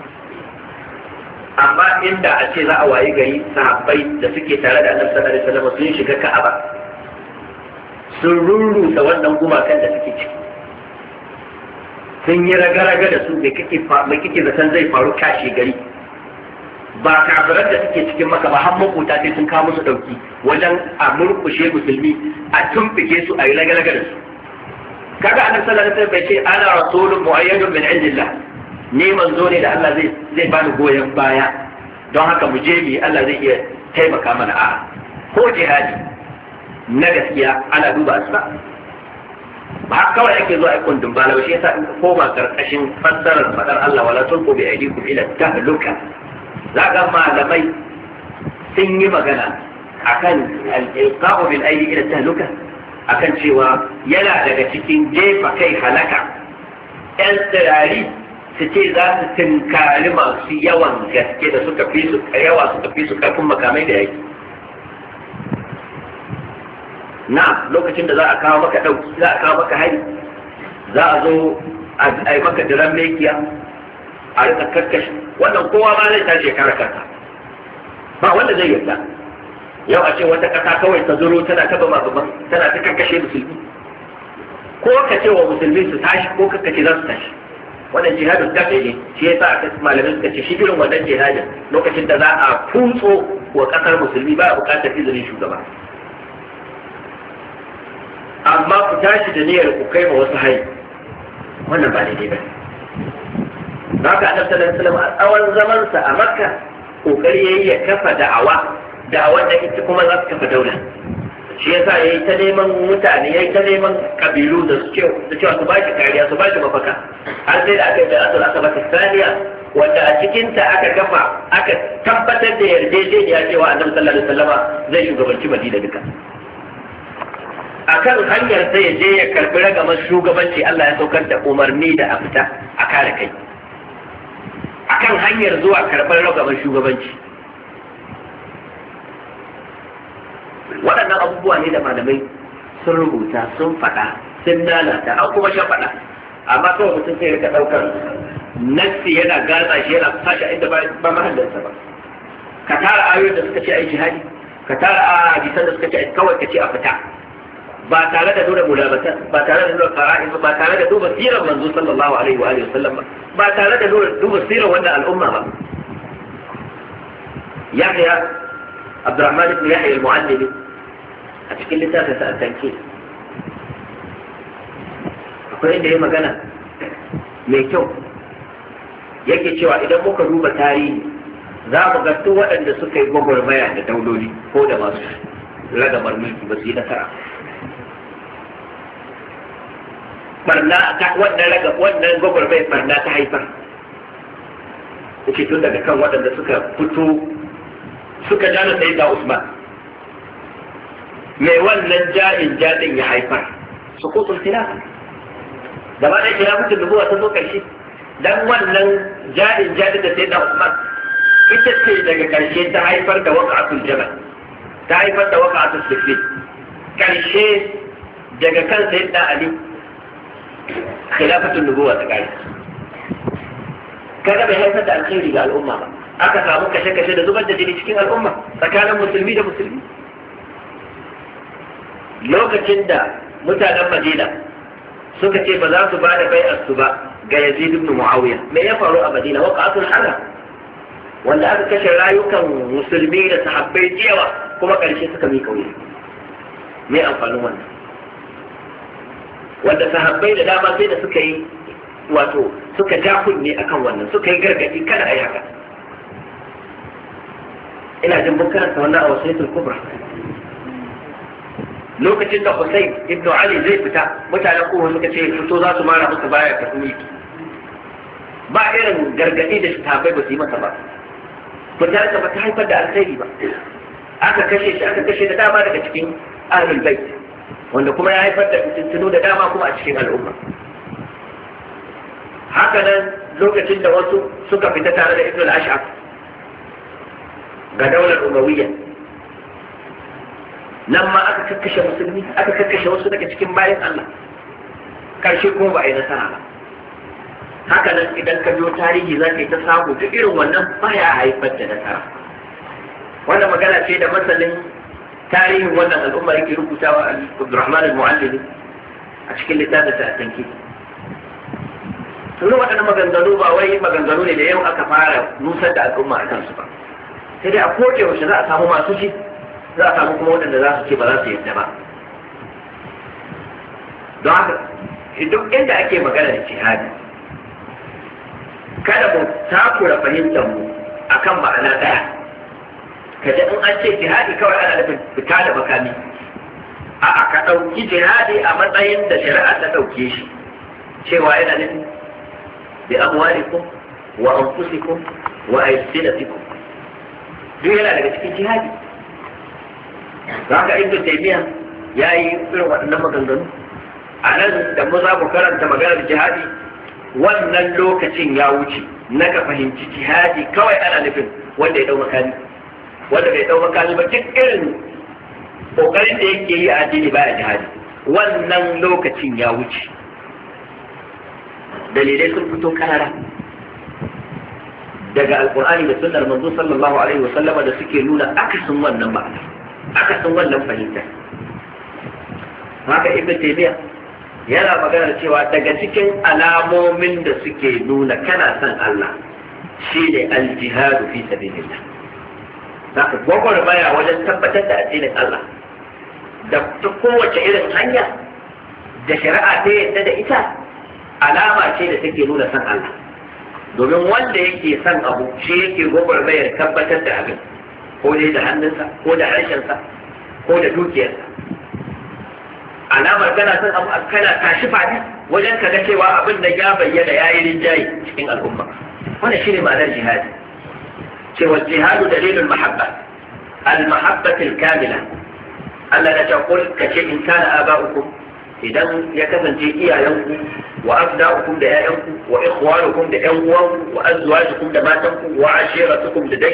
amma inda a ce za a wayi gari sahabbai da suke tare da annabi sallallahu alaihi wasallam sun shiga ka'aba sun rurrusa wannan gumakan da suke ciki sun yi ragaraga da su mai kike zaton zai faru kashi gari ba kafirar da suke cikin maka ba har makuta sai sun kawo musu dauki wajen a murkushe musulmi a tumfike su a yi ragaraga da su kaga annabi sallallahu alaihi wasallam bai ce ana rasulun mu'ayyadun min indillah ne manzo ne da Allah zai zai bani goyon baya don haka mu je mu Allah zai iya taimaka mana a ko jihadi na gaskiya ana duba asba ba kawai ake zuwa aikon dumbala ba shi yasa in ka koma karkashin fassarar fadar Allah wala tulqu bi aydikum ila tahluka zaka malamai sun yi magana akan al-ilqa'u bil aydi ila tahluka akan cewa yana daga cikin jefa kai halaka yan tsirari su ce za su tunkari masu yawan gaske da suka fi su yawa suka fi su karfin makamai da yaki na lokacin da za a kawo maka ɗauki za a kawo maka hari za a zo a yi maka diran mekiya a rika karkashi wannan kowa ma zai tashi kare kansa ba wanda zai yarda yau a ce wata ƙasa kawai ta zuro tana ta bama bama tana ta karkashe musulmi ko ka ce wa musulmi su tashi ko ka ce za su tashi wannan jihadin kafe ne shi ya sa a aka malamin suka ce shi irin wannan jihadin lokacin da za a kutso wa ƙasar musulmi ba a buƙatar izinin shugaba amma ku tashi da niyyar ku kai ma wasu hai wannan ba daidai ba za ka annabi sallallahu alaihi wasallam a tsawon zamansa a makka kokari yayi ya kafa da'awa da'awar da ita kuma za su kafa daula shi yasa yayi ta neman mutane yayi ta neman kabilu da su ce su ce su bashi kariya su bashi mafaka har sai da aka yi da aka asabati saniya wanda a cikinta aka kafa aka tabbatar da yarjejeniya cewa annabi sallallahu alaihi wasallama zai shugabanci madina duka akan hanyar sai ya je ya karbi ragamar shugabanci Allah ya saukar da umarni da a fita a kare kai akan hanyar zuwa karɓar ragamar shugabanci waɗannan abubuwa ne da malamai sun rubuta sun faɗa sun lalata an kuma shan faɗa amma kawai mutum sai rika ɗaukar nassi yana gaza shi yana sashi inda ba mahallarsa ba ka tara ayoyin da suka ce ai jihadi ka tara a hadisan da suka ce kawai ka ce a fita ba tare da nuna mulabatan ba tare da nuna fara'in ba tare da duba sirar manzo sallallahu alaihi wa alihi wasallam ba ba tare da duba sirar wannan al'umma ba yahya abdurrahman ibn yahya al muallim a cikin littafin sa at akwai inda ya magana mai kyau yake cewa idan muka duba tarihi za mu ga duk waɗanda suka yi gwagwarmaya da dauloli ko da masu ragamar mulki ba su yi nasara barna wannan raga wannan gwagwarmayar barna ta haifar yake tun daga kan waɗanda suka fito suka na sai da Usman mai wannan ja'in jaɗin ya haifar su ko sun tira da ba da kira da zuwa ta zo ƙarshe dan wannan ja'in jaɗin da sai da Usman ita ce daga ƙarshe ta haifar da waƙa'atul jabal ta haifar da waƙa'atul sifin ƙarshe daga kan sai da Ali khilafatun nubuwa ta kai kaga bai haifar da alkhairi ga al'umma ba aka samu kashe-kashe da zubar da jini cikin al'umma tsakanin musulmi da musulmi lokacin da mutanen madina suka ce ba za su ba da bai'arsu ba ga yazid ibn muawiya me ya faru a madina waqa'atul haram wanda aka kashe rayukan musulmi da sahabbai jiyawa kuma karshe suka mi kauye me amfanin wannan wanda sahabbai da dama sai da suka yi wato suka ja kunne akan wannan suka yi gargadi kada a yi haka ina jin mun karanta wannan a wasaitul kubra lokacin da Hussein ibn Ali zai fita mutanen kuma suka ce fito za su mara musu baya ta mulki ba irin gargadi da sahabbai ba su yi masa ba ba za ta haifar da alkhairi ba aka kashe shi aka kashe da dama daga cikin ahlul bait wanda kuma ya haifar da fitintunu da dama kuma a cikin al'umma hakanan lokacin da wasu suka fita tare da ibn al-ash'ab ga daular umawiyya nan ma aka kakkashe musulmi aka kakkashe wasu daga cikin bayan Allah karshe kuma ba a yi nasara ba Hakanan idan ka biyo tarihi za ka yi ta samu duk irin wannan baya haifar da nasara wannan magana ce da masanin tarihin wannan al'umma yake rubutawa Abdurrahman al muallim a cikin littafin sa tanki tunu waɗannan maganganu ba wai maganganu ne da yau aka fara nusar da al'umma a kansu ba sai dai a koke yaushe za a samu masu shi, za a samu kuma waɗanda za su ce ba za su yadda ba don haka duk inda ake magana da jihadi kada mu takura fahimtar mu akan ma'ana ɗaya ka ji in an ce jihadi kawai ana nufin fita da makami a'a ka ɗauki jihadi a matsayin da shari'a ta ɗauke shi cewa yana nufin bi amwalikum wa anfusikum wa aysinatikum duk yana daga cikin jihadi za ka ibnu taymiya ya yi irin waɗannan maganganu a nan da mu za mu karanta maganar jihadi wannan lokacin ya wuce na ka fahimci jihadi kawai ana nufin wanda ya ɗau makami wanda bai dau makami ba cikin irin kokarin da yake yi a addini a jihadi wannan lokacin ya wuce dalilai sun fito karara daga alkur'ani da sunnar manzo sallallahu alaihi wasallama da suke nuna akasin wannan ma'ana akasin wannan fahimta haka ibn taymiya yana magana cewa daga cikin alamomin da suke nuna kana son Allah shine al-jihadu fi sabilillah za ka gwagwarmaya wajen tabbatar da addinin Allah da kowace irin hanya da shari'a ta yadda da ita alama ce da take nuna san Allah domin wanda yake son abu shi yake gwagwarmayar tabbatar da abin ko dai da hannunsa ko da harshensa ko da dukiyarsa alamar kana son abu kana tashi fadi wajen ka ga cewa abin da ya bayyana yayi rinjaye cikin al'umma wannan shine ma'anar jihadi سوى دليل المحبة المحبة الكاملة ألا نتقول كشيء إن كان آباؤكم إذا يكفن جي إيا وأبناؤكم دا وإخوانكم دا وأزواجكم دا وعشيرتكم دا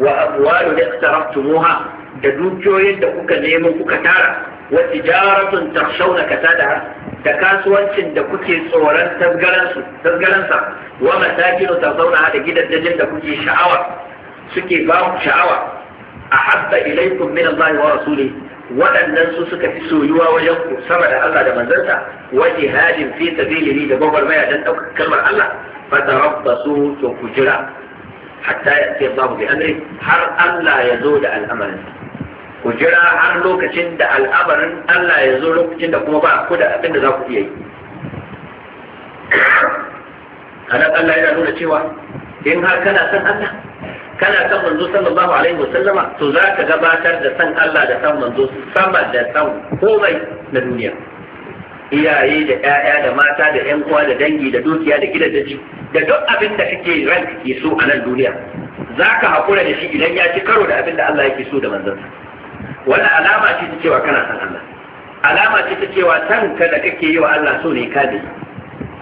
وأموال اقترفتموها دا دوجوين دا كوكا كتارا وتجارة تخشون كسادها da kasuwancin da kuke tsoron tasgaransa wa masakinu ta zauna da gidajen da kuke sha'awa suke ba sha'awa a habba ilaikum min Allah wa rasuli waɗannan su suka fi soyuwa wajen ku sama da Allah da manzansa wa jihadin fi sabilihi da gobar maya dan ɗaukar kalmar Allah fa tarabbasu to ku jira hatta ya'ti babu bi amri har Allah ya zo da al'amarin ku jira har lokacin da al'amarin Allah ya zo lokacin da kuma ba ku da abin da za ku iya yi anan Allah yana nuna cewa in har kana san Allah kana san manzo sallallahu alaihi Sallama? to za ka gabatar da san Allah da san manzo sama da san komai na duniya iyaye da ƴaƴa da mata da ƴan uwa da dangi da dukiya da gidaje da duk abin da kake ranka ke so a nan duniya za ka haƙura da shi idan ya ci karo da abin da Allah yake so da manzansa wani alama ce ta cewa kana san Allah alama ce ta cewa san ka da kake yi wa Allah so ne ka dai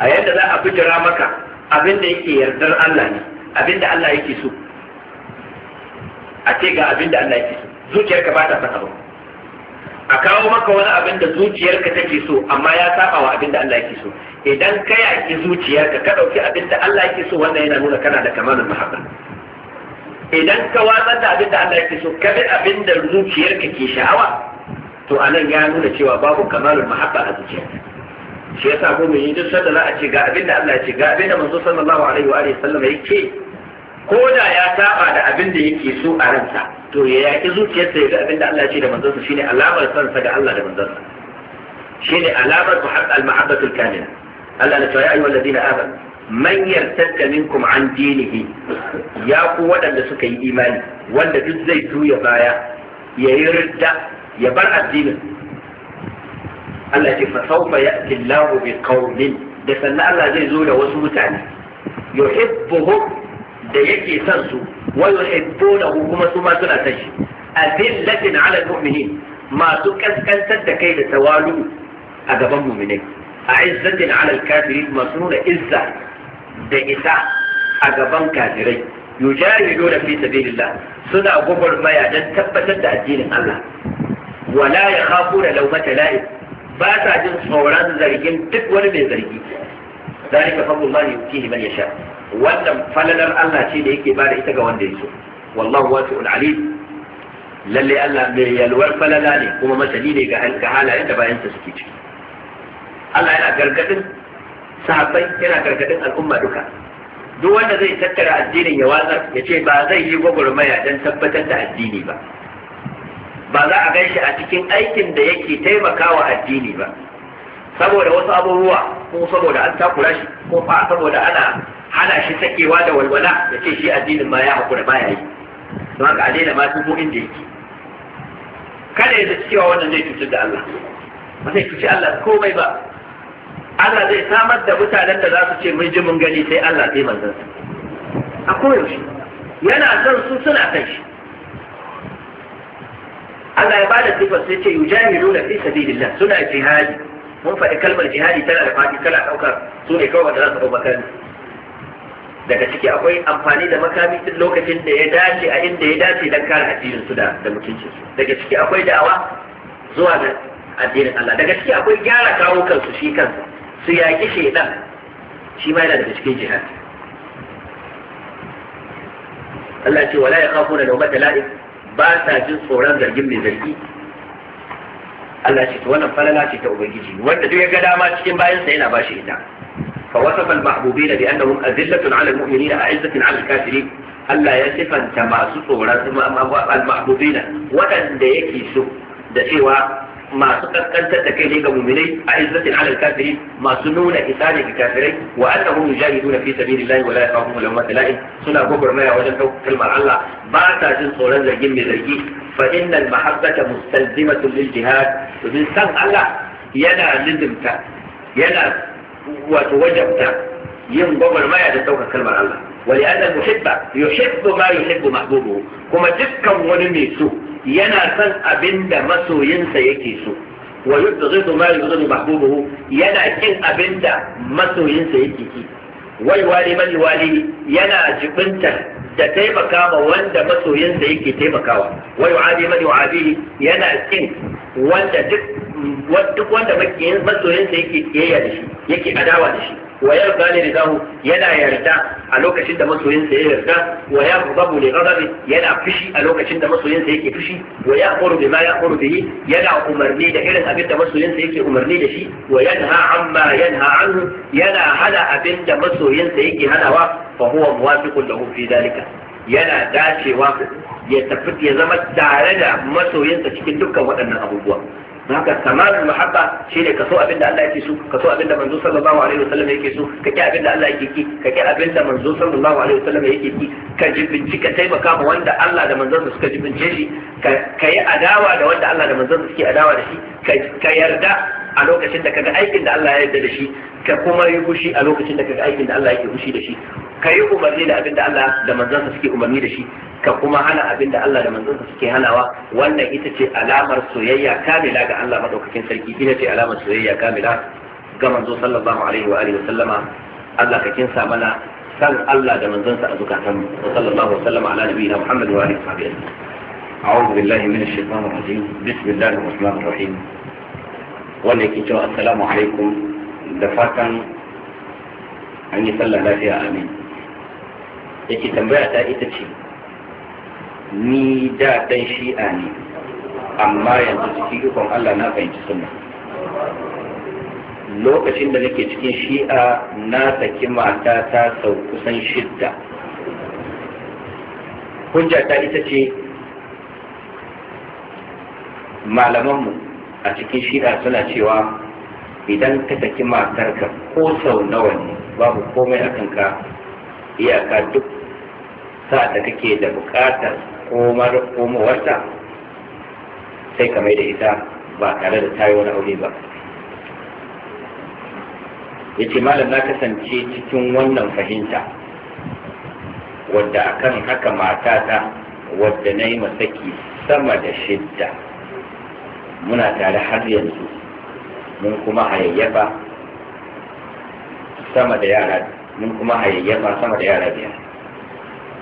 a yadda za a fitira maka abin da yake yardar Allah ne abin da Allah yake so a ce ga abin da Allah yake so zuciyarka ba ta san abu a kawo maka wani abin da zuciyarka take so amma ya saba wa abin da Allah yake so idan ka yaki zuciyarka ka dauki abin da Allah yake so wannan yana nuna kana da kamalin mahabba idan ka watsar da abin da Allah yake so ka bi abin da zuciyarka ke sha'awa to anan ya nuna cewa babu kamalul mahabba a zuciyarka shi yasa ko mai duk sanda za a ce ga abin da Allah ya ce ga abin da manzo sallallahu alaihi wa alihi sallam yake ko da ya saba da abin da yake so a ransa to ya yaki zuciyarsa ya ga abin da Allah ya ce da manzonsa shine alamar sa da Allah da manzonsa shine alamar mahabba al-mahabbatul kamila Allah ya ce ya ayyuhal ladina amanu man tattalin minkum an dinihi ya ku waɗanda suka yi imani wanda duk zai juya baya ya yi ridda ya bar addinin Allah ce fa sawfa ya'ti Allahu bi qaumin da sannan Allah zai zo da wasu mutane yuhibbuhum da yake son su wa yuhibbunahu kuma su ma suna son shi adillatin ala mu'minin masu kaskantar da kai da tawalu a gaban mu'minai a izzatin ala kafirin masu nuna izza da isa a gaban kafirai yujahidu da fi sabilillah suna gwagwarmaya don tabbatar da addinin Allah wala ya khafu da laumata la'ib ba sa jin tsoron zargin duk wani mai zargi zalika fadlullahi yutihi man yasha wannan falalar Allah ce da yake bada ita ga wanda yake wallahu wasi'ul alim lalle Allah mai yalwar falala ne kuma masani ne ga halayen da bayan suke ciki Allah yana gargadin sahabbai yana gargadin al'umma duka duk wanda zai tattara addinin ya watsar ya ce ba zai yi gwagwarmaya don tabbatar da addini ba ba za a ganshi a cikin aikin da yake taimakawa addini ba saboda wasu abubuwa ko saboda an takura shi ko fa saboda ana hana shi sakewa da walwala ya ce shi addinin ma ya hakura ba ya yi don haka a daina ma su da yake kada ya zai cewa wannan zai cutar da Allah ba zai cuci Allah komai ba Allah zai samar da mutanen da za su ce mun ji mun gani sai Allah sai manzon a koyaushe yana son su suna kan shi Allah ya ba da sifar sai ce yujahiduna fi sabilillah suna jihadi mun faɗi kalmar jihadi tana da faɗi tana ɗaukar su ne kawai da za su ɗau makami daga ciki akwai amfani da makami duk lokacin da ya dace a inda ya dace don kare addinin su da mutuncin su daga ciki akwai da'awa zuwa da addinin Allah daga ciki akwai gyara kawo kansu shi kansa su yaƙi shaidan shi ma yana da cikin jihad Allah ce wala ya kafu da laumata la'in ba sa jin tsoron zargin mai zargi Allah ce to wannan falala ce ta ubangiji wanda duk ya ga dama cikin bayansa yana ba shi ita فوصف المحبوبين بأنهم أذلة على ya sifanta masu الكافرين ألا يصف أنت ما المحبوبين ولن so da cewa masu kaskantar da kai ne ga mu'minai a izzatin alal kafiri masu nuna isa ga kafirai wa annahum yujahiduna fi sabilillahi wa la yakhafuna lawmata la'in suna gogormaya wajen daukar kalmar Allah ba ta jin tsoron zargin mai zargi fa innal mahabbata mustalzimatun lil jihad domin san Allah yana lizimta yana wato wajabta yin gwagwarmaya da daukar kalmar Allah Wali adama hiddba, yohimma mayu yohimma ma'aikobo, kuma dukkan wani mai so yana son abinda masoyansa yake so, wayoddo zai zo mayu yohimma ma'aikobo yana ƙin abinda masoyansa wali yana jibinta da taimakawa wanda masoyansa yake taimakawa, wai wa'azi mani wa'azi yana ƙin duk wanda masoyansa yake adawa da shi. ويرضى لرضاه يلا يرضى ألوك شد مصر ينسى يرضى ويغضب لغضبه يلا فشي ألوك شد مصر ينسى يكي فشي ويأخر بما يأخر به يلا أمرني لحيلة أبنت مصر ينسى يكي أمرني لشي وينهى عما ينهى عنه يلا هلا أبنت مصر ينسى يكي هلا فهو موافق له في ذلك يلا ذا شيء واقع يتفت يزمت دارنا مصر ينسى يكي دكا وأنا أبو بوا haka kamalul mahabba ne kaso abinda Allah yake so kaso abinda manzo sallallahu alaihi wasallam yake so ka ki abinda Allah yake ki ka ki abinda manzo sallallahu alaihi wasallam yake ki ka jibinci ka taimaka ma wanda Allah da manzon suka jibince shi ka yi adawa da wanda Allah da manzon suke adawa da shi ka yarda a lokacin da kaga aikin da Allah ya yarda da shi ka kuma yi fushi a lokacin da kaga aikin da Allah yake fushi da shi ka yi umarni da abin da Allah da manzansa suke umarni da shi ka kuma hana abin da Allah da manzansa suke hanawa wannan ita ce alamar soyayya kamila ga Allah madaukakin sarki ita ce alamar soyayya kamila ga manzo sallallahu alaihi wa alihi wa sallama Allah ka kinsa mana san Allah da manzansa a zukatanmu sallallahu alaihi wa sallama ala nabiyina Muhammad wa alihi wa sahbihi أعوذ بالله من الشيطان الرجيم بسم الله الرحمن الرحيم wanda yake السلام عليكم alaikum da fatan an yi sallah lafiya amin yake ita ce ni da dan shi'a ne amma yanzu ikon Allah na fahimci sunna lokacin da nake cikin shi'a na saki mata ta sau kusan shidda hujja ta ita ce malamanmu a cikin shi'a suna cewa idan ka saki matarka ko sau nawa ne babu komai a kanka iyaka duk sa da kake da buƙatar komowarta sai ka mai da ita ba tare da tayi wani aure ba ya ce malam na kasance cikin wannan fahimta wadda akan haka matata wadda na yi masaki sama da shidda muna tare har yanzu mun kuma hayayyafa sama da yara mun kuma hayayyafa sama da yara biyar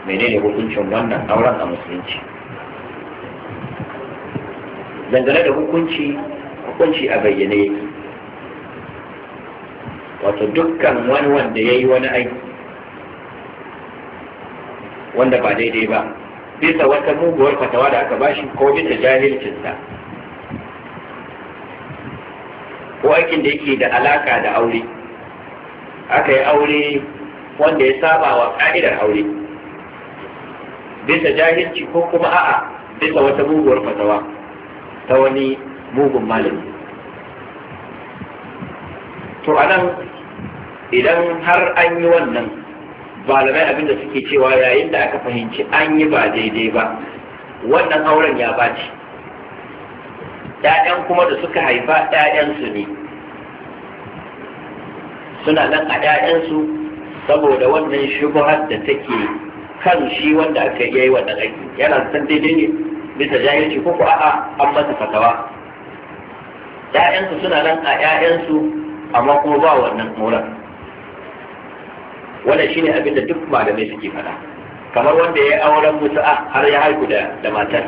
menene hukuncin wannan auren a musulunci dangane da hukunci hukunci a bayyane yake wato dukkan wani wanda ya yi wani aiki wanda ba daidai ba bisa wata muguwar fatawa da aka bashi ko bisa jahilcinsa ko aikin da yake da alaka da aure aka yi aure wanda ya saba wa ka'idar aure bisa jahilci ko kuma a'a bisa wata muguwar fatawa ta wani mugun malami to anan idan har an yi wannan balamai abinda suke cewa yayin da aka fahimci an yi ba daidai ba wannan auren ya baci ‘ya'yan kuma da suka haifa ‘ya'yansu ne suna nan a ‘ya'yansu saboda wannan shubuhar da take kan shi wanda aka yi wannan aiki yana san daidai ne bisa jahilci ko a an masa fatawa ‘ya'yansu suna nan a ‘ya'yansu amma kuma ba wannan moran wannan shine abin da duk malamai suke faɗa kamar wanda ya yi auren a har ya haihu da matar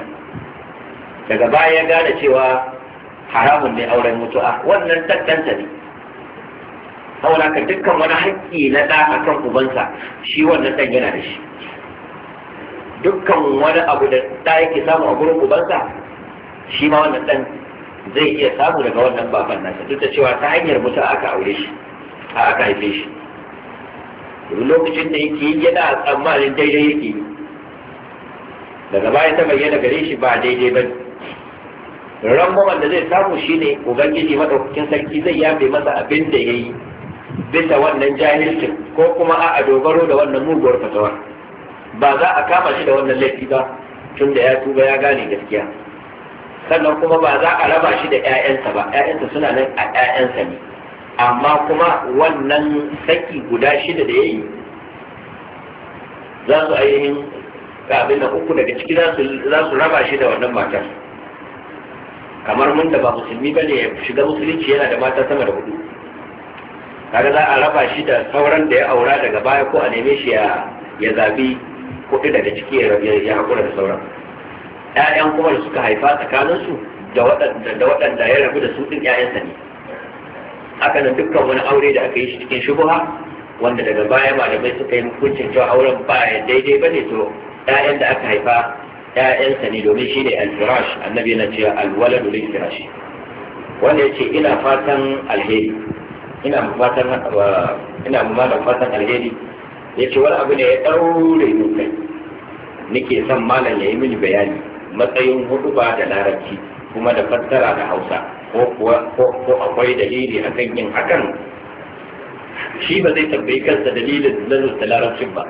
daga baya ya gane cewa haramun ne auren mutu'a wannan tantanta ne saboda ka dukkan wani haƙƙi na ɗa akan ubansa shi wannan ɗan yana da shi dukkan wani abu da ɗa yake samu a gurin ubansa shi ma wannan ɗan zai iya samu daga wannan baban nasa duk da cewa ta hanyar mutu aka aure shi a aka haife shi lokacin da yake yana tsammanin daidai yake yi daga baya ta bayyana gare shi ba daidai ba rangwamen da zai samu shine ubangiji madaukakin sarki zai yafe masa abin da ya yi bisa wannan jahilcin ko kuma a dogaro da wannan muguwar fatawa ba za a kama shi da wannan laifi ba tun da ya tuba ya gane gaskiya sannan kuma ba za a raba shi da 'ya'yansa ba 'ya'yansa suna nan a 'ya'yansa ne amma kuma wannan saki guda shida da ya yi za su ainihin ga abin da uku daga ciki za su raba shi da wannan matar kamar mun da ba musulmi bane ya shiga musulunci yana da mata sama da hudu kaga za a raba shi da sauran da ya aura daga baya ko a neme shi ya zabi kuɗi daga ciki ya haƙura da sauran ƴaƴan kuma da suka haifa tsakaninsu da waɗanda ya rabu da su ɗin ƴaƴansa ne haka nan dukkan wani aure da aka yi shi cikin shubuha wanda daga baya malamai suka yi hukuncin cewa auren ba daidai ba ne to ƴaƴan da aka haifa ƴaƴansa ne domin shine al-firash annabi yana cewa al-waladu lil firashi wanda yace ina fatan alheri ina fatan ina malam fatan alheri yace wani abu ne ya daure ni kai nake son malam yayi mini bayani matsayin hudu ba da larabci kuma da fassara da Hausa ko kuwa ko akwai dalili akan yin hakan shi ba zai tambayi kansa dalilin da larabcin ba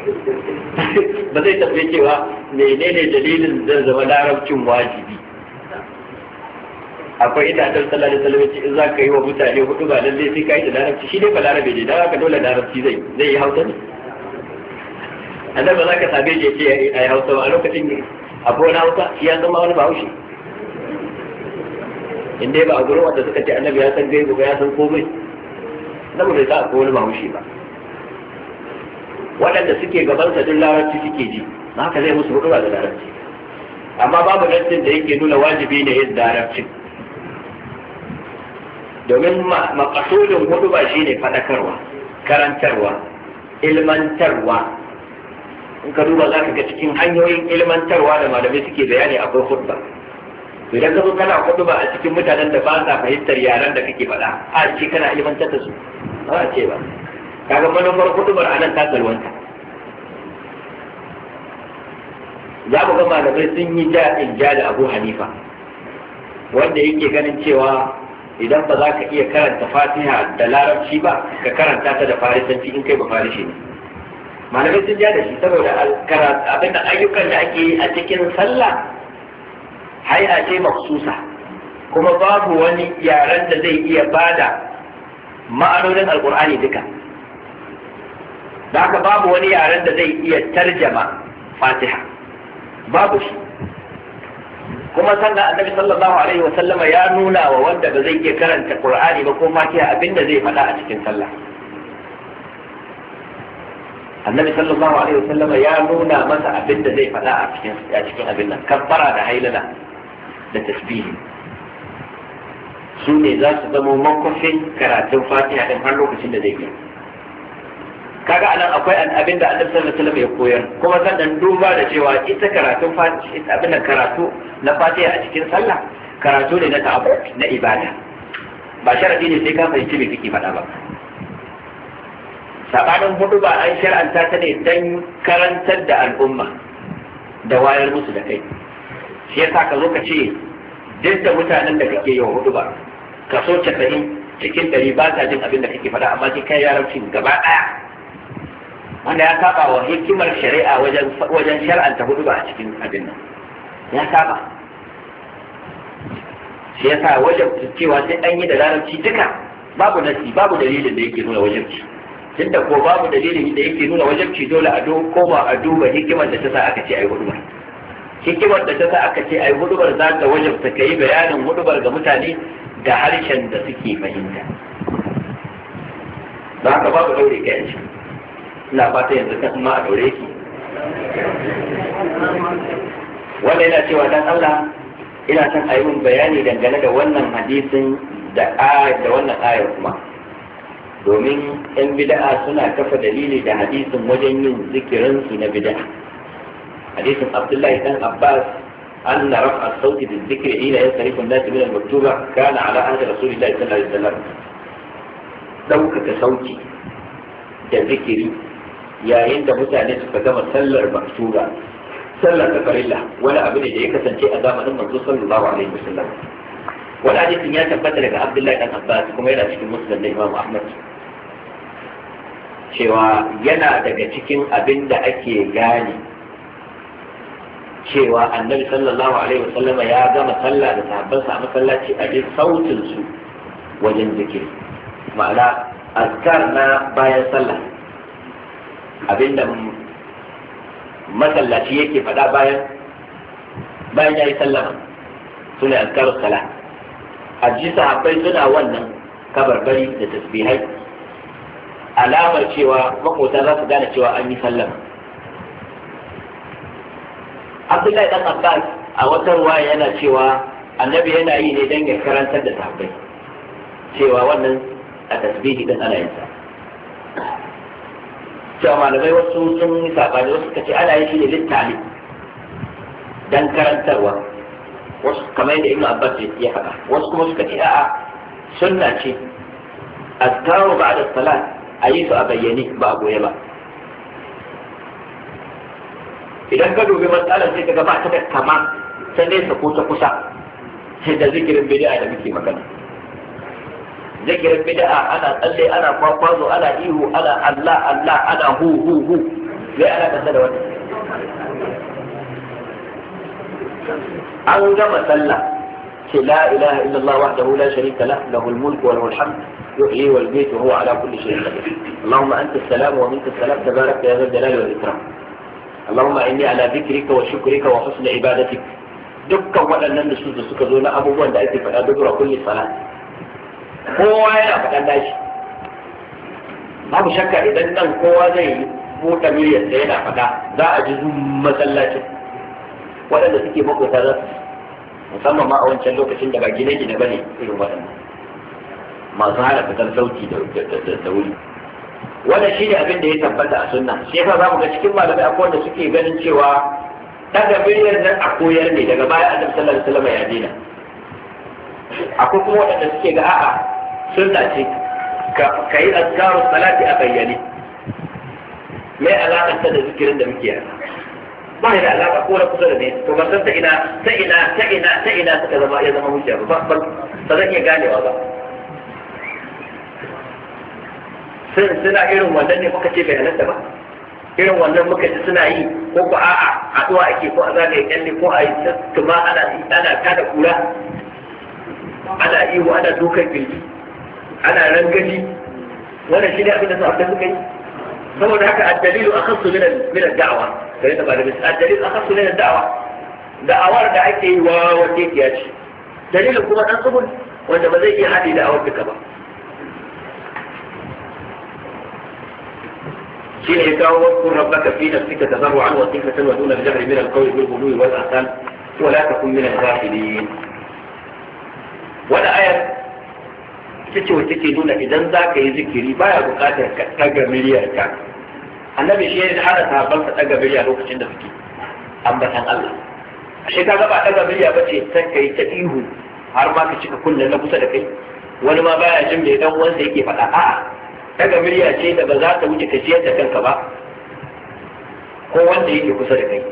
(laughs) ba zai tafi cewa menene dalilin zan zama larabcin wajibi akwai ita ta sallah da salamaci in za ka yi wa mutane hudu ba lalle sai ka yi da larabci shi ne ba larabe ne don haka dole larabci zai yi hausa ne annan ba za ka same shi ce a yi hausa ba a lokacin ne abu wani hausa ya zama wani bahaushe in dai ba a gurin wanda suka ce annabi ya san gobe ya san komai Nan ba bai sa akwai wani bahaushe ba waɗanda suke gabansa duk larabci suke ji haka zai musu hudu da larabci amma babu nassin da yake nuna wajibi ne yin larabcin domin makasudin hudu ba shi ne faɗakarwa karantarwa ilmantarwa in ka duba za ka ga cikin hanyoyin ilmantarwa da malamai suke bayani akwai hudba idan ka zo kana hudba a cikin mutanen da ba sa fahimtar yaren da kake faɗa a ce kana ilmantar da su ba a ce ba kaga manufar hudubar anan ta salwanta za mu ga malamai sun yi ja in ja da abu hanifa wanda yake ganin cewa idan ba za ka iya karanta fatiha da larabci ba ka karanta ta da farisanci in kai ba farishi ne malamai sun ja da shi saboda abin da ayyukan da ake a cikin sallah a ce maksusa kuma babu wani yaren da zai iya bada ma'anonin alkur'ani duka da haka babu wani yaren da zai iya tarjama fatiha babu shi kuma sannan annabi sallallahu alaihi sallama ya nuna wa wanda ba zai iya karanta qur'ani ba ko fatiha abinda zai faɗa a cikin sallah annabi sallallahu alaihi sallama ya nuna masa abinda zai faɗa a cikin a cikin abin nan kabbara da hailala da tasbihi su ne za su zama makofin karatun fatiha din har lokacin da zai yi kaga anan akwai an abin da annabi sallallahu alaihi wasallam ya koyar kuma zan dan duba da cewa ita karatu fatiha abin da karatu na fatiha a cikin sallah karatu ne na ta'abbu na ibada ba sharadi ne sai ka fahimci me kike faɗa ba sabanin hudu ba an shar'anta ta ne dan karantar da al'umma da wayar musu da kai shi yasa ka zo ka ce duk da mutanen da kake yau hudu ba kaso 90 cikin 100 ba ta jin abin da kake faɗa amma kai yaran gaba ɗaya wanda ya saba wa hikimar shari'a wajen wajen shar'anta hudu ba a cikin abin nan ya saba shi sa wajen cewa sai an yi da larabci duka babu nasi babu dalilin da yake nuna tun da ko babu dalilin da yake nuna ci dole a koma a duba hikimar da ta sa aka ce ai hudu ba hikimar da ta sa aka ce ai hudubar za ta wajen ta kai bayanin hudubar ga mutane da harshen da suke fahimta ba ka babu daure kai a ina fata yanzu kan ma a daure ki wanda yana cewa dan Allah ina son a yi min bayani dangane da wannan hadisin da da wannan ayar kuma domin yan bida'a suna kafa dalili da hadisin wajen yin zikirin su na bid'a hadisin Abdullahi dan Abbas أن رفع الصوت بالذكر حين ينصرف الناس من المكتوبة كان Kana, ala رسول الله صلى ɗaukaka sauki da zikiri yayin da mutane suka gama sallar maksura sallar ta farilla wani abu ne da ya kasance a zamanin manzo sallallahu alaihi wasallam wani hadisin ya tabbata daga abdullahi dan abbas kuma yana cikin muslim da imam ahmad cewa yana daga cikin abin da ake gane cewa annabi sallallahu alaihi wasallam ya gama sallah da sahabbansa a masallaci a jin sautin su wajen zikiri ma'ana azkar na bayan sallah abinda masallaci yake faɗa bayan bayan ya yi sallama suna azkaru sala a ji sahabbai suna wannan kabarbari da tasbihai alamar cewa makota za su gane cewa an yi sallama abdullahi dan abbas a wata ruwa yana cewa annabi yana yi ne don ya karantar da sahabbai cewa wannan a tasbihi din ana yin cewa malamai wasu sun yi sabani wasu suka ce ana yi shi ne littali dan karantarwa wasu kamar yadda ibnu abbas ya faɗa wasu kuma suka ce a'a sunna ce azkaru ba'da salat a yi su a bayyane ba a goye ba idan ka dubi matsalar sai ka ga ba ta da kama sai nesa ko ta kusa sai da zikirin bid'a da muke magana zikirin bid'a ana tsalle ana kwakwazo ana ihu ana Allah Allah ana hu hu hu sai ana kasa da wannan an gama sallah ce la ilaha illallah wahdahu la sharika lah lahul mulku wa lahul hamd yuhyi wal yumiitu wa huwa ala kulli shay'in qadir allahumma anta as-salam wa minka as-salam tabarakta ya dhal jalali wal ikram allahumma inni ala dhikrika wa اللهم إني على ذكرك وشكرك وحسن عبادتك دكا ولا ننسوز سكزونا أبو وان دائتي فلا دبر kulli salati kowa yana faɗan nashi babu shakka idan nan kowa zai yi buɗe miliyan da yana faɗa za a ji zuwa masallacin waɗanda suke makwata za su musamman ma a wancan lokacin da ba gine gine ba ne irin waɗannan masu hana fitar sauti da wuri wannan shi ne abin da ya tabbata a sunna shi yasa za mu ga cikin malamai akwai wanda suke ganin cewa daga miliyan nan a koyar ne daga baya annabi sallallahu alaihi wasallam ya daina akwai kuma waɗanda suke ga a'a sun ce ka yi azkaru salati a bayyane mai alaƙa ta da zikirin da muke yana ba da alaƙa ko da kusa da ne to ba san ta ina ta ina ta ina ta ina suka zama ya zama hujja ba ba ba zan iya ganewa ba sun suna irin wannan ne muka ce bayanan da ba irin wannan muka ji suna yi ko ba a'a a zuwa ake ko a zagaye kyalle ko a yi tuma ana ana kada kura ana iyo ana dukan kirji ana rangaji wannan shi ne abin da sahabbai suka yi saboda haka addalil akhassu min min ad-da'wa sai ta bada addalil akhassu min ad-da'wa da'awar da ake yi wa wace kiya ce dalil kuma dan tsubun wanda ba zai iya hadi da awar duka ba shi ne kawo wasu rabbaka fi nafsika tadarru'an wa khifatan wa duna al-jahri min al-qawli bil-ghudwi wal-asal wa la takun min al-ghafilin wani ayar ita ce wacce ke nuna idan za ka yi zikiri baya buƙatar ka ɗaga miliyar ka annabi shi ya hana sahabban ka ɗaga miliya lokacin da suke ambatan Allah ashe ka gaba ɗaga miliya ba ce ta kai ta ihu har ma ka cika kunnen na kusa da kai wani ma baya jin mai dan wanda yake faɗa a'a ɗaga miliya ce da ba za ta wuce ka ciyar da kanka ba ko wanda yake kusa da kai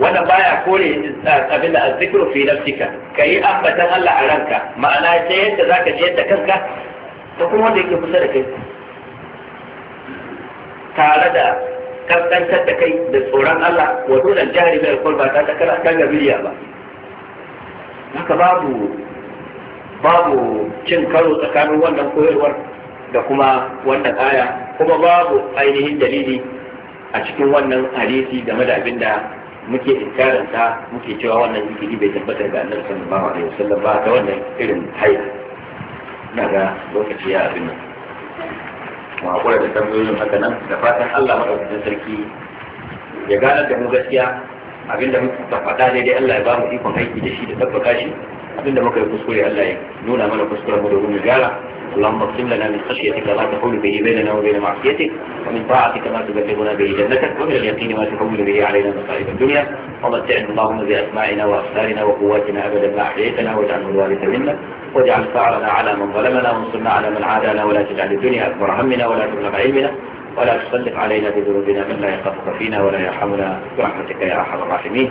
wannan baya kore abin da azzikru fi nafsika kai ambatan Allah a ranka ma'ana ce yadda zaka ji yadda kanka da kuma wanda yake kusa da kai tare da kaskantar da kai da tsoron Allah wa dole jahari bai alkol ba ta takara kan gabiya ba haka babu babu cin karo tsakanin wannan koyarwar da kuma wannan aya kuma babu ainihin dalili a cikin wannan hadisi game da abin da muke inkaranta muke cewa wannan zikiri bai tabbatar da annabi sallallahu alaihi wasallam ba ta wannan irin haila na ga lokaci ya abin nan kuma hakura da tambayoyin haka nan da fatan Allah madaukakin sarki ya gane da mu gaskiya abinda muka faɗa ne dai Allah ya ba mu ikon aiki da shi da tabbaka shi إن muka yi kuskure Allah ya nuna اللهم اقسم لنا من خشيتك ما تحول به بيننا وبين معصيتك ومن طاعتك ما تبلغنا به جنتك ومن اليقين ما تحول به علينا مصائب الدنيا ومتعنا اللهم باسماعنا وابصارنا وقواتنا ابدا ما احييتنا واجعله الوارث منا واجعل ثارنا على من ظلمنا وانصرنا على من عادانا ولا تجعل الدنيا اكبر همنا ولا تبلغ علمنا ولا تسلط علينا بذنوبنا من لا يخافك فينا ولا يرحمنا برحمتك يا ارحم الراحمين